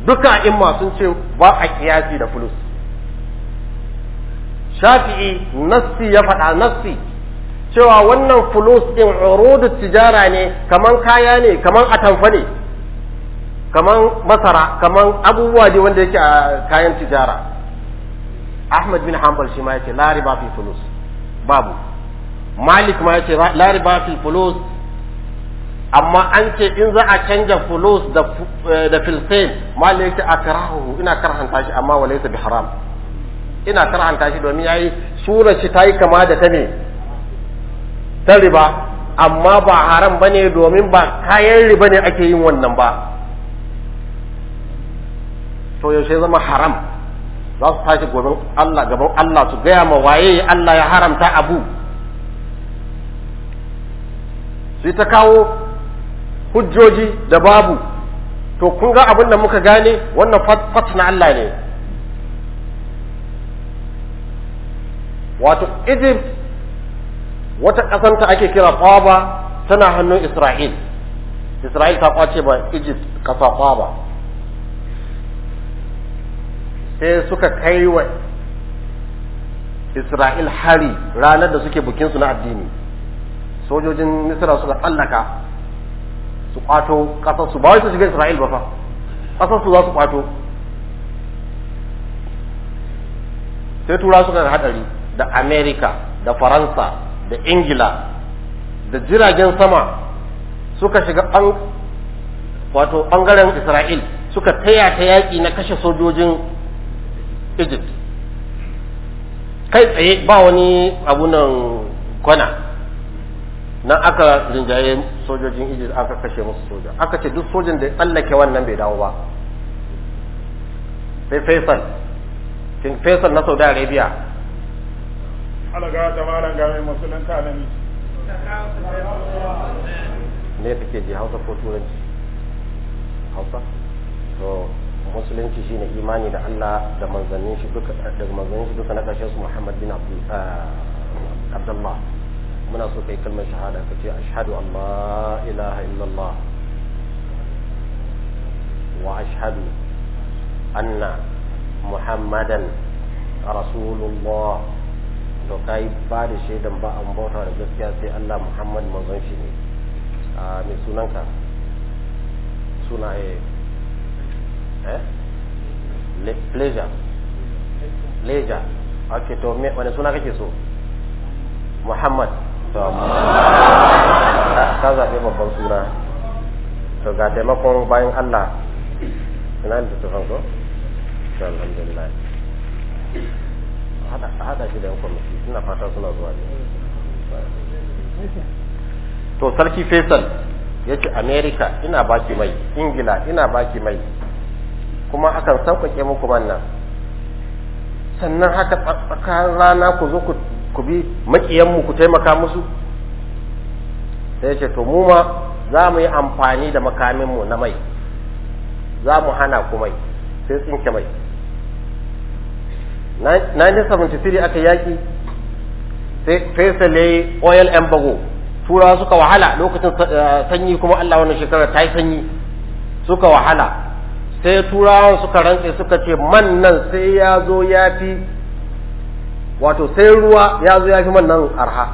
S2: duka imma sun ce ba a kiyasi da fulus shafi'i nassi ya faɗa nassi cewa wannan fulus ɗin urudu tijara ne kaman kaya ne kaman atamfa ne kaman masara kaman abubuwa ne wanda yake a kayan tijara ahmad bin hanbal shi ma yace la riba fi fulus babu malik ma yace la riba fi fulus amma an ce in za a canja fulus da eh, da ma mala yake akrahu ina karhanta shi amma walaysa bi haram ina karhanta shi domin yayi sura shi tayi kama da ta ne ta riba amma ba haram bane domin ba kayan riba ne ake yin wannan ba to yaushe zama haram za su tashi gaban Allah gaban Allah su gaya ma waye Allah ya haramta abu sai ta kawo hujjoji da babu to kun ga abin da muka gane wannan fat na Allah ne wato Egypt wata ƙasanta ake kira Qaba tana hannun Isra'il Isra'il ta kwace ba Egypt ƙasa Qaba sai suka kai wa Isra'il hari ranar da suke bukinsu na addini sojojin Misra suka tsallaka su kwato kasar su ba wai su shiga Isra'il ba fa kasar su za su kwato sai tura suka da hadari da America da Faransa da Ingila da jiragen sama suka shiga an wato bangaren Isra'il suka taya ta yaƙi na kashe sojojin Egypt kai tsaye ba wani abunan kwana nan aka rinjaye sojojin Egypt aka kashe musu soja aka ce duk sojan da ya tsallake wannan bai dawo ba sai Faisal kin Faisal na Saudi Arabia
S1: Allah da malan ga musulunta na
S2: ne kake ji Hausa ko Turanci Hausa to musulunci shine imani da Allah da manzannin shi duka da manzannin shi duka na kashe su Muhammad bin Abdullah so kai kalmar shahada ka ce ashhadu an la ilaha illallah wa ashhadu anna muhammadan rasulullah to kai ba da shaidan ba an bauta da gaskiya sai Allah muhammad manzon shi ne a sunanka suna eh, eh? pleasure pleasure to wani suna kake so muhammad ka zaɓe babban sura to ga taimakon bayan Allah ina da tufan ko to alhamdulillah hada shi da yan kwamiti ina fata suna zuwa ne to sarki Faisal ya ce America ina baki mai Ingila ina baki mai kuma akan sauƙaƙe muku wannan sannan haka tsakanin rana ku zo ku ku bi makiyanmu ku taimaka musu sai ce to mu ma za mu yi amfani da makaminmu na mai za mu hana ku mai sai tsinke mai 1973 aka yaki faisal ya yi oil embargo turawa suka wahala lokacin eh, sanyi kuma allah wani shekarar ta yi sanyi suka wahala sai turawan suka rantse suka ce man nan sai ya zo ya fi wato sai ruwa ya zo ya fi man nan arha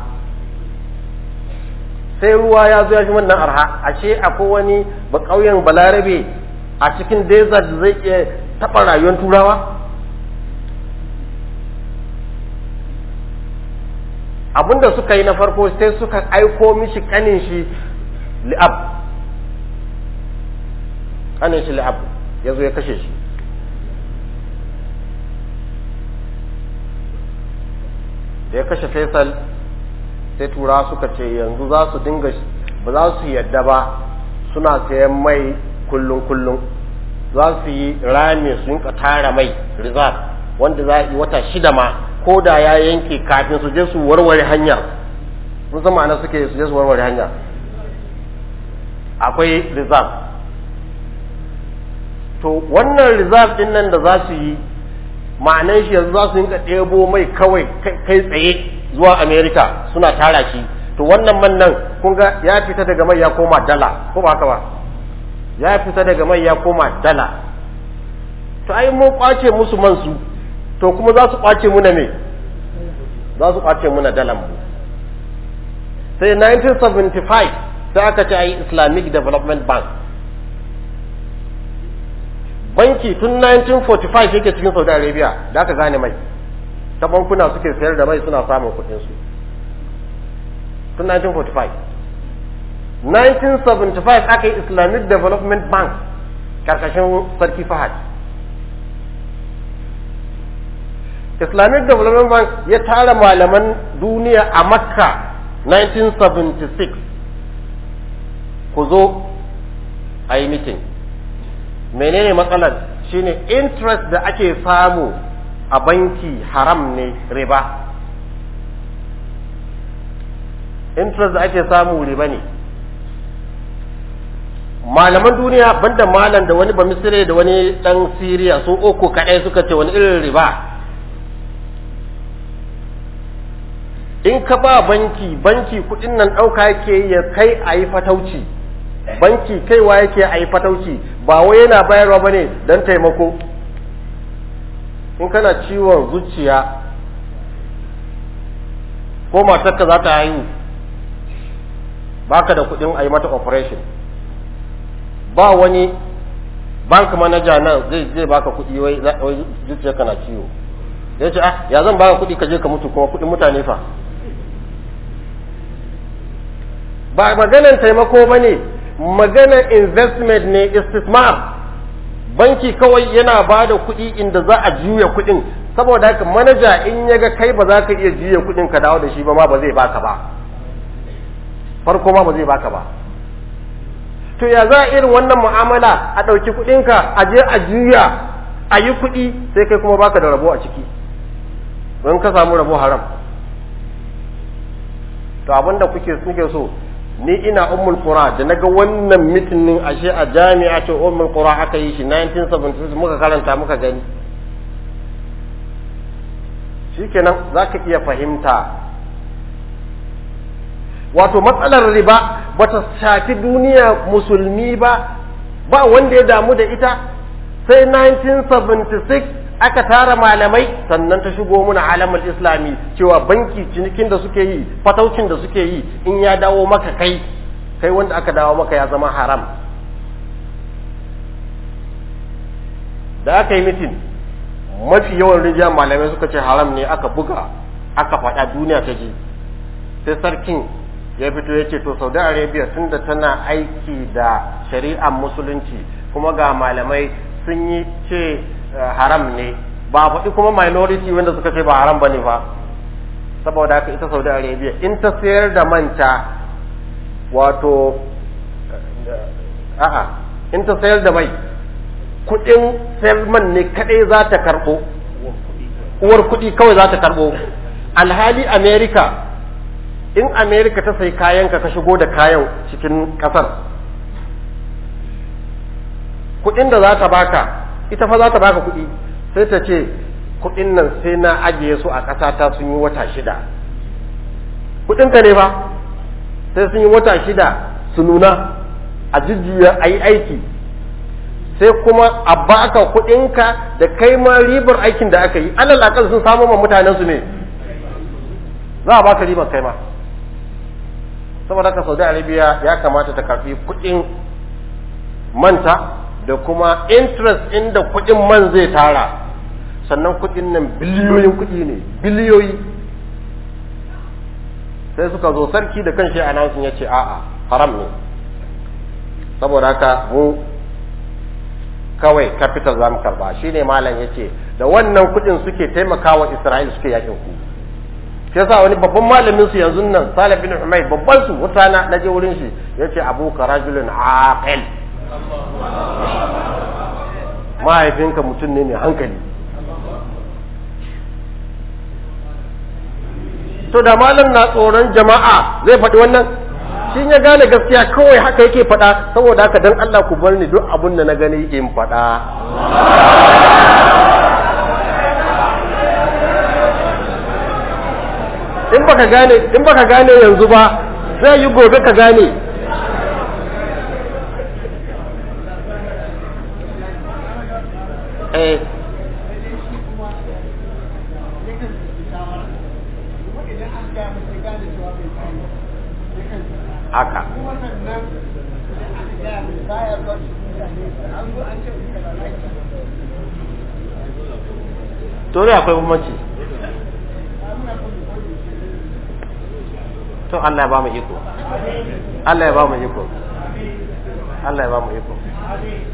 S2: sai ruwa ya zo ya fi man nan arha a ashe akwai wani ba ƙauyen balarabe a cikin desert zai iya taɓa rayuwar turawa abinda suka yi na farko sai suka aiko mishi kanin shi li'ab kanin shi li'ab ya zo ya kashe shi da ya kashe faisal sai tura suka ce yanzu za su dinga ba za su yadda ba suna sayan mai kullum kullum za su yi rami su yinka tara mai rizal wanda za a yi wata shida ma ko da ya yanke kafin su je su warware hanya sun san ma'ana suke su je su warware hanya akwai rizal to wannan rizal din nan da za su yi ma'anan shi yanzu za su yi ɗebo mai kawai kai tsaye zuwa Amerika suna tara shi to wannan man nan kun ga ya fita daga mai ya koma dala ko ba haka ba ya fita daga mai ya koma dala to ai mun kwace musu man su to kuma za su kwace muna me za su kwace muna dalan mu sai 1975 sai aka ce ai islamic development bank banki tun 1945 yake cikin saudi arabia da aka gane mai ta bankuna suke sayar da mai suna samun su tun 1945 1975 aka yi islamic development bank karkashin sarki fahad islamic development bank ya tara malaman duniya a makka 1976 ku zo a yi meeting menene matsalar shine interest da ake samu a banki haram ne riba interest da ake samu riba ne malaman duniya banda malam da wani bamisire da wani dan siriya su uku kaɗai suka ce wani irin riba in ka ba banki banki kudin nan ɗauka yake ya kai a yi fatauci banki kaiwa yake a yi fatauci ba wai yana bayarwa ba ne don taimako in kana ciwon zuciya ko matarka za ta haihu baka da kudin a yi mata operation ba wani bank manager nan zai zai baka kudi wai zuciya kana ciwo ya ce ah ya zan baka kudi ka je ka mutu kuma kudin mutane fa ba maganan taimako ba ne magana investment ne istismar banki kawai yana ba da kuɗi inda za a juya kuɗin saboda haka manaja in ya ga kai ba za ka iya juya kuɗin ka dawo da shi ba ma ba zai baka ba farko ma ba zai baka ba to ya za irin wannan mu'amala a ɗauki kuɗinka a je a juya a yi kuɗi sai kai kuma baka da rabo a ciki don ka samu rabo haram to abinda kuke so ni ina ummul qura da naga wannan mitinin ashe a jami'a ce ummul qura aka yi shi 1976 muka karanta muka gani shikenan zaka iya fahimta wato matsalar riba bata shafi duniya musulmi ba ba wanda ya damu da ita sai 1976 aka tara malamai sannan ta shigo muna alamul islami cewa banki cinikin da suke yi fataucin da suke yi in ya dawo maka kai kai wanda aka dawo maka ya zama haram da aka yi mitin mafi yawan rijiya malamai suka ce haram ne aka buga aka faɗa duniya ta ji sai sarkin ya fito ya ce to saudi arabia da tana aiki da shari'ar musulunci kuma ga malamai sun yi ce Eh, haram ne ba faɗi kuma minority wanda suka ce ba haram ba ne ba saboda haka ita saudi arabia in ta sayar da manta wato eh, a'a in ta sayar da mai kuɗin sayar man ne kadai za ta karɓo uwar kuɗi kawai za ta karɓo alhali america in america ta sai kayan ka shigo da kayan cikin ƙasar kuɗin da za ta baka ita fa za ta baka kuɗi sai ta ce kuɗin nan sai na ajiye su a ƙasa ta sun yi wata shida kuɗinka ne ba sai sun yi wata shida su nuna a jijjiya a yi aiki sai kuma a baka kuɗin ka da kai ma ribar aikin da aka yi alal akal sun samu ma mutanen su ne za a baka ribar kai ma saboda ka saudi arabia ya kamata ta karfi kuɗin manta da kuma interest inda kuɗin man zai tara sannan kuɗin nan biliyoyin kuɗi ne biliyoyi sai suka zo sarki da kanshi a nan ya ce a'a haram ne saboda haka mu kawai capital za mu karba shi ne malam ya ce da wannan kuɗin suke taimakawa isra'il suke yakin ku sai sa wani babban malamin su yanzu nan salih bin babban su wuta na je wurin shi yace abu karajulun aqil mahaifinka mutum ne mai hankali to da malam na tsoron jama'a zai faɗi wannan shi ya gane gaskiya kawai haka yake faɗa saboda haka don Allah ku bar ni duk abin da na gani in faɗa in baka gane in baka gane yanzu ba zai yi gobe ka gane
S3: eh haka
S2: tori akwai bambanci to Allah ya ba mu iko Allah ya ba mu iko Allah ya ba mu iko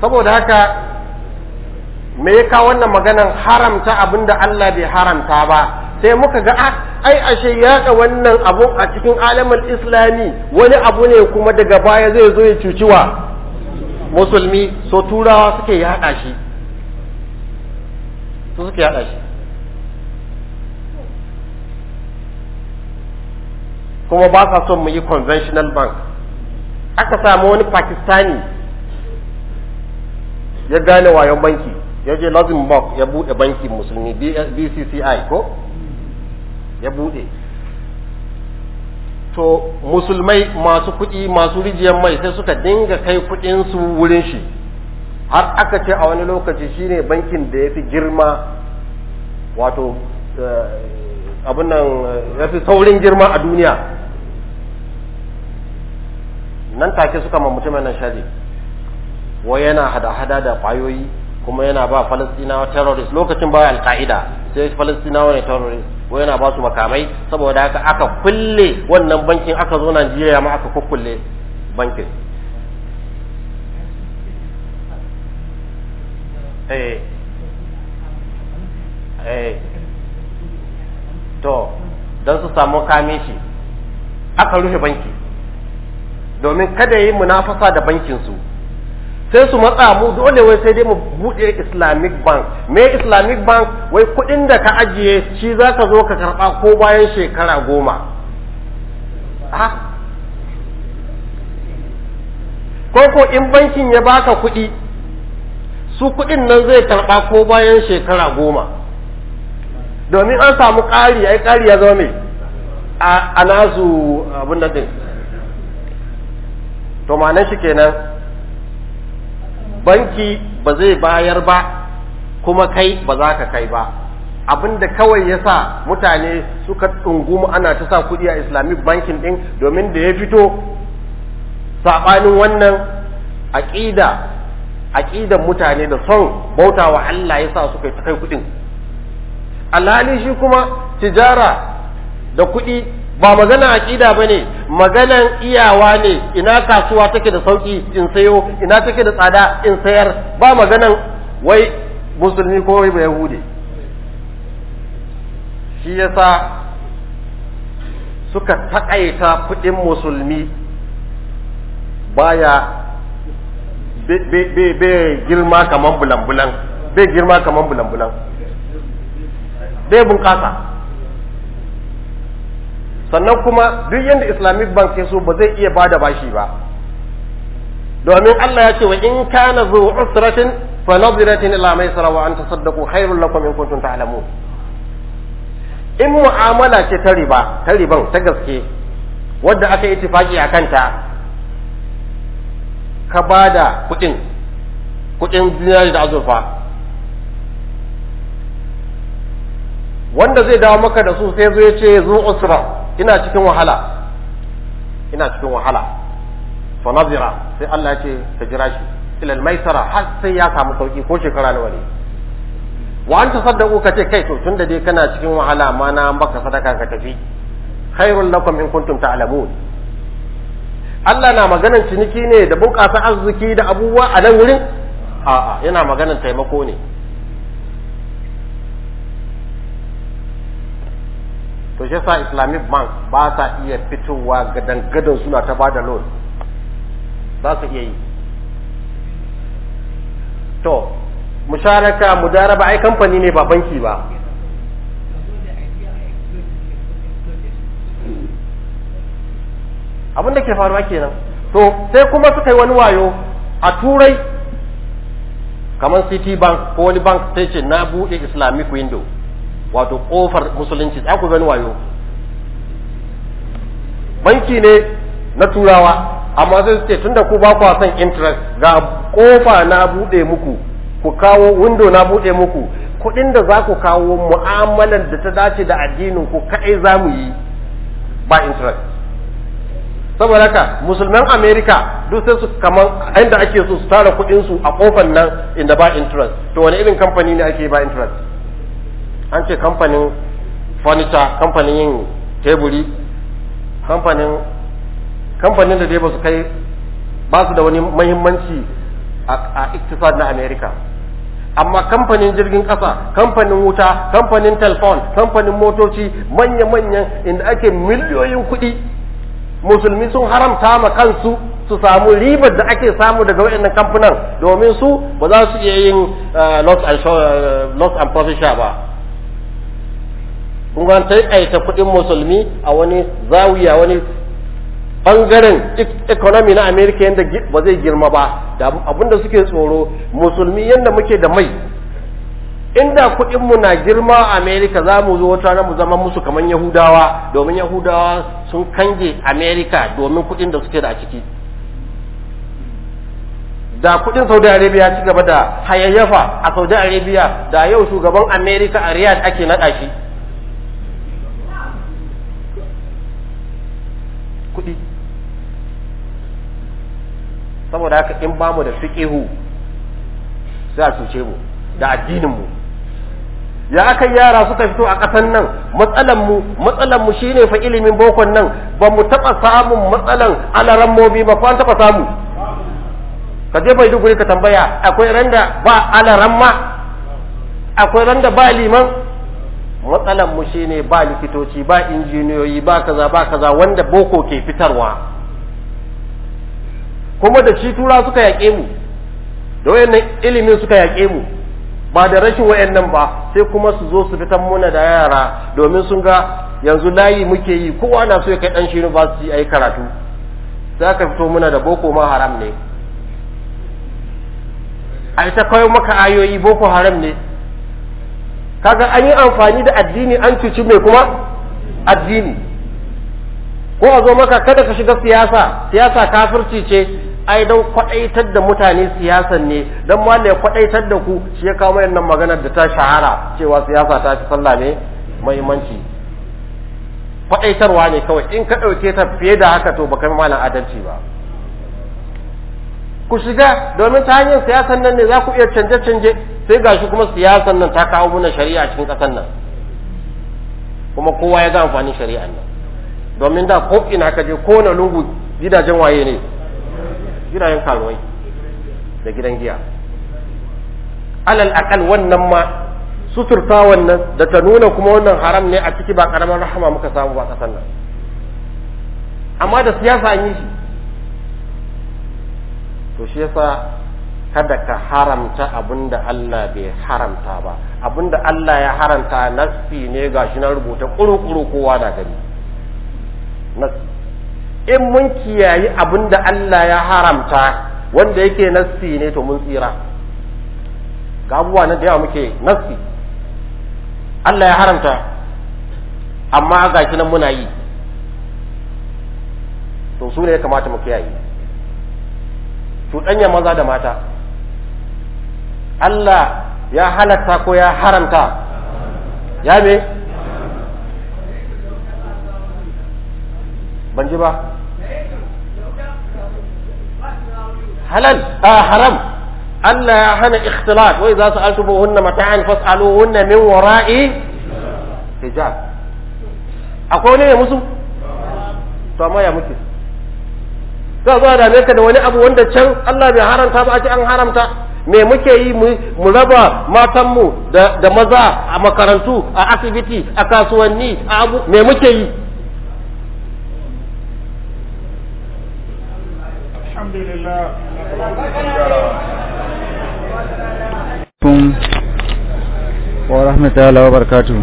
S2: saboda haka me ya kawo wannan maganan haramta abin Allah bai haramta ba sai muka ga ah, ai ashe yaɗa wannan abu a cikin alamul islami wani abu ne kuma daga baya zai zo ya cuci wa musulmi so turawa suke yaɗa shi su suke yaɗa shi kuma ba sa son mu yi conventional bank aka samu wani pakistani ya gane wayon banki ya je Luxembourg ya buɗe bankin musulmi BCCI ko ya buɗe to musulmai masu kuɗi masu rijiyar mai sai suka dinga kai su wurin shi har aka ce a wani lokaci shine bankin da ya fi girma wato eh, abin nan eh, ya fi saurin girma a duniya nan take suka ma mai nan shari wai yana hada-hada da kwayoyi kuma yana ba falastinawa terrorist lokacin ba al-qaida sai falastinawa ne terrorist ko yana ba su makamai saboda haka aka kulle wannan bankin aka zo Najeriya ma aka kukkulle bankin eh eh to don su samu kame shi aka rufe banki domin kada yi munafasa da bankin su sai su matsa mu dole wai sai dai mu buɗe islamic bank me islamic bank wai kuɗin da ka ajiye shi za ka zo ka karɓa ko bayan shekara goma ko ko in bankin ya baka kuɗi su kuɗin nan zai karɓa ko bayan shekara goma domin an samu ƙari ai ƙari ya zama mai a nasu abin da din to ma'anar shi kenan banki ba zai bayar ba kuma kai ba za ka kai ba abinda kawai ya sa mutane suka tsungumu ana ta sa kuɗi a islamic bankin ɗin domin da ya fito saɓanin wannan aƙida aƙidan mutane da son bauta wa Allah ya sa suka kai kuɗin alhali shi kuma tijara da kuɗi ba magana aƙida ba ne maganan iyawa ne ina kasuwa take da sauki in sayo ina take da tsada in sayar ba maganan wai musulmi ko wai yahude shi yasa suka taƙaita kuɗin musulmi baya be girma kaman bulan-bulan be girma kaman bulan-bulan bunƙasa sannan kuma duk yadda islamic bank ya so ba zai iya bada bashi ba domin Allah ya ce wa in kana zu usratin fa nadiratin ila maisara wa an tasaddaqu khairul lakum in kuntum ta'lamun in mu'amala ce ta riba ta riban ta gaske wadda aka ittifaki a kanta ka bada kuɗin kuɗin dinari da azurfa wanda zai dawo maka da su sai zo ya ce zu usra ina cikin wahala ina cikin wahala fa nazira sai Allah ya ce ka jira shi ilal maisara har sai ya samu sauki ko shekara nawa ne wa anta saddaqu ka ce kai to tunda dai kana cikin wahala ma na baka sadaka ka tafi khairul lakum in kuntum ta'lamun Allah na maganan ciniki ne da bunƙasa arziki da abubuwa a nan wurin a'a yana maganan taimako ne to sa islamic bank ba sa iya fitowa gadan gadon suna ta bada loan ba su iya yi to musharaka mudaraba ai kamfani ne ba banki ba abin da ke faruwa kenan to sai kuma suka yi wani wayo a turai kamar city bank ko wani bank sai ce na buɗe islamic window wato kofar musulunci za ku gani wayo banki ne na turawa amma sai su ce tunda ku ba kwa son interest ga kofa na bude muku ku kawo window na bude muku kuɗin da za ku kawo mu'amalar da ta dace da addinin ku kaɗai za mu yi ba interest saboda haka musulman america duk sai su kaman inda ake so su tara kuɗin su a kofar nan inda ba interest to wani irin kamfani ne ake ba interest an ce kamfanin furniture kamfanin yin teburi kamfanin kamfanin da dai ba su kai ba su da wani mahimmanci a iktisad na amerika amma kamfanin jirgin kasa kamfanin wuta kamfanin telefon kamfanin motoci manya-manyan inda ake miliyoyin kuɗi musulmi sun haramta ma kansu su samu ribar da ake samu daga waɗannan kamfanin domin su ba za su iya yin eh, eh, loss and profit ba kun ga aita kuɗin musulmi a wani zawiya wani bangaren e-, economy na america yadda ba zai girma ba da abinda suke tsoro musulmi yadda muke da mai inda kuɗinmu na girma a america za mu zo wata mu zama musu kamar yahudawa domin yahudawa sun kange america domin kuɗin da suke da a ciki da kuɗin saudi arabia ci gaba da hayayyafa a saudi arabia da yau shugaban america a riyadh ake naɗa shi kuɗi saboda haka in bamu da fiƙihu sai a cuce mu da addinin mu ya aka yara suka fito a ƙasan nan matsalan mu matsalan mu shine fa ilimin bokon nan ba mu taɓa samun matsalan ala rammobi ba ko an taɓa samu ka je bai ka tambaya akwai randa ba ala ma akwai randa ba liman matsalan mu shine ba likitoci ba injiniyoyi ba kaza ba kaza wanda boko ke fitarwa kuma da shi tura suka yaƙe mu da wayannan ilimin suka yaƙe mu ba da rashin wayannan ba sai kuma su zo su fitan muna da yara domin sun ga yanzu layi muke yi kowa na so ya kai dan shi university yi karatu sai aka fito muna da boko ma haram ne a ta kawai maka ayoyi boko haram ne kaga an yi amfani da addini an cuci mai kuma addini ko a zo maka kada ka shiga siyasa siyasa kafirci ce ai don kwadaitar da mutane siyasan ne don ma ya kwadaitar da ku shi ya kawo mayan maganar da ta shahara cewa siyasa ta fi sallah ne muhimmanci kwadaitarwa ne kawai in ka ɗauke ta fiye da haka to baka malam adalci ba ku shiga domin ta hanyar siyasan nan ne za ku iya canje-canje sai ga shi kuma siyasan nan ta kawo mana shari'a cikin ƙasar nan kuma kowa ya ga amfanin shari'a nan domin da ko ina ka je ko na lungu gidajen waye ne gidajen karuwai da gidan giya alal akal wannan ma suturta wannan da ta nuna kuma wannan haram ne a ciki ba karamar rahama muka samu ba kasan nan amma da siyasa an yi shi to shi yasa kada ka haramta abinda Allah bai haramta ba abinda Allah ya haramta nasfi ne gashi na rubuta kuru-kuru kowa na gani in mun kiyayi abinda Allah ya haramta wanda yake nasfi ne to mun tsira ga abubuwa na da yawa muke nasfi Allah ya haramta amma gashi nan muna yi to su ne ya kamata mu kiyaye cuɗanya maza da mata Allah ya halatta ko ya haramta ya me ban ji ba halal a haram Allah ya hana ikhtilat wai za su altubu hunna mata'an fas'alu hunna min wara'i hijab akwai wani ya musu to amma ya muke za zuwa dame ka da wani abu wanda can Allah bai haramta ba a ce an haramta me muke yi mu raba matanmu da maza a makarantu a asibiti a kasuwanni a abu me muke yi wa rahmatullahi wa barakatuh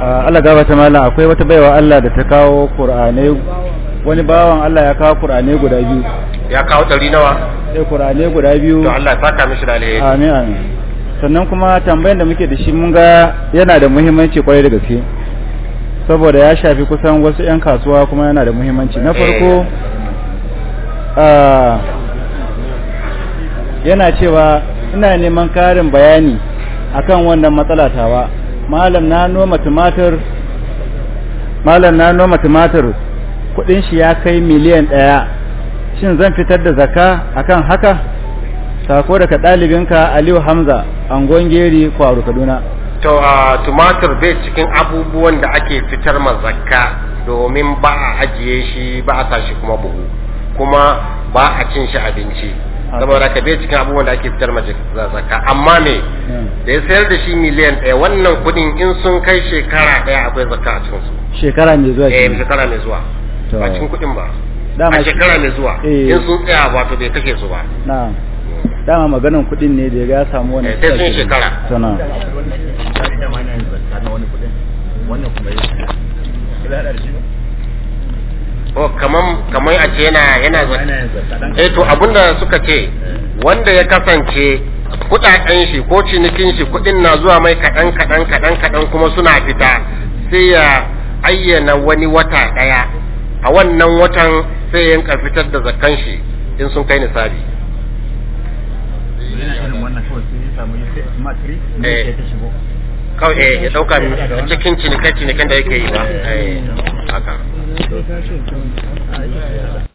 S2: ah, Allah akwai wata baiwa Allah da ta kawo Qur'anai wani bawan Allah ya kawo Qur'anai guda biyu ya kawo dari nawa sai kurale guda biyu to Allah saka mishi da alheri amin amin sannan kuma tambayar da muke da shi mun ga yana da muhimmanci kwarai da gaske saboda ya shafi kusan wasu 'yan kasuwa kuma yana da muhimmanci na farko eh. yana cewa ina neman karin bayani akan wannan matsala tawa malam na noma tumatir malam na noma tumatur kudin shi ya kai miliyan daya shin zan fitar da zakka akan haka sako daga ɗalibinka aliyu hamza angon geri kwaro kaduna to a tumatur bai cikin abubuwan da ake fitar ma zakka domin ba a ajiye shi ba a sashi kuma buhu kuma ba a cin shi abinci saboda ka bai cikin abubuwan da ake fitar ma zakka amma me hmm. da ya sayar da shi miliyan ɗaya wannan kuɗin in sun kai shekara ɗaya akwai zakka a cikin su shekara mai zuwa eh shekara mai zuwa ba cikin kuɗin ba a shekara mai zuwa eh. in sun tsaya to bai kashe su ba na dama maganan kudin ne da ya samu wani eh, sai sun shekara to na
S3: wannan
S2: oh, kaman kaman a ce yana yana eh to abinda suka ce wanda ya kasance kudaden shi ko cinikin shi kudin na zuwa mai kadan kadan kadan kadan kuma suna fita sai ya ayyana wani wata daya a wannan watan sai yin fitar da zakkan shi in sun kai nisabi kawai ya dauka eh. eh, cikin cinikan cinikan da yake yi ba
S3: eh,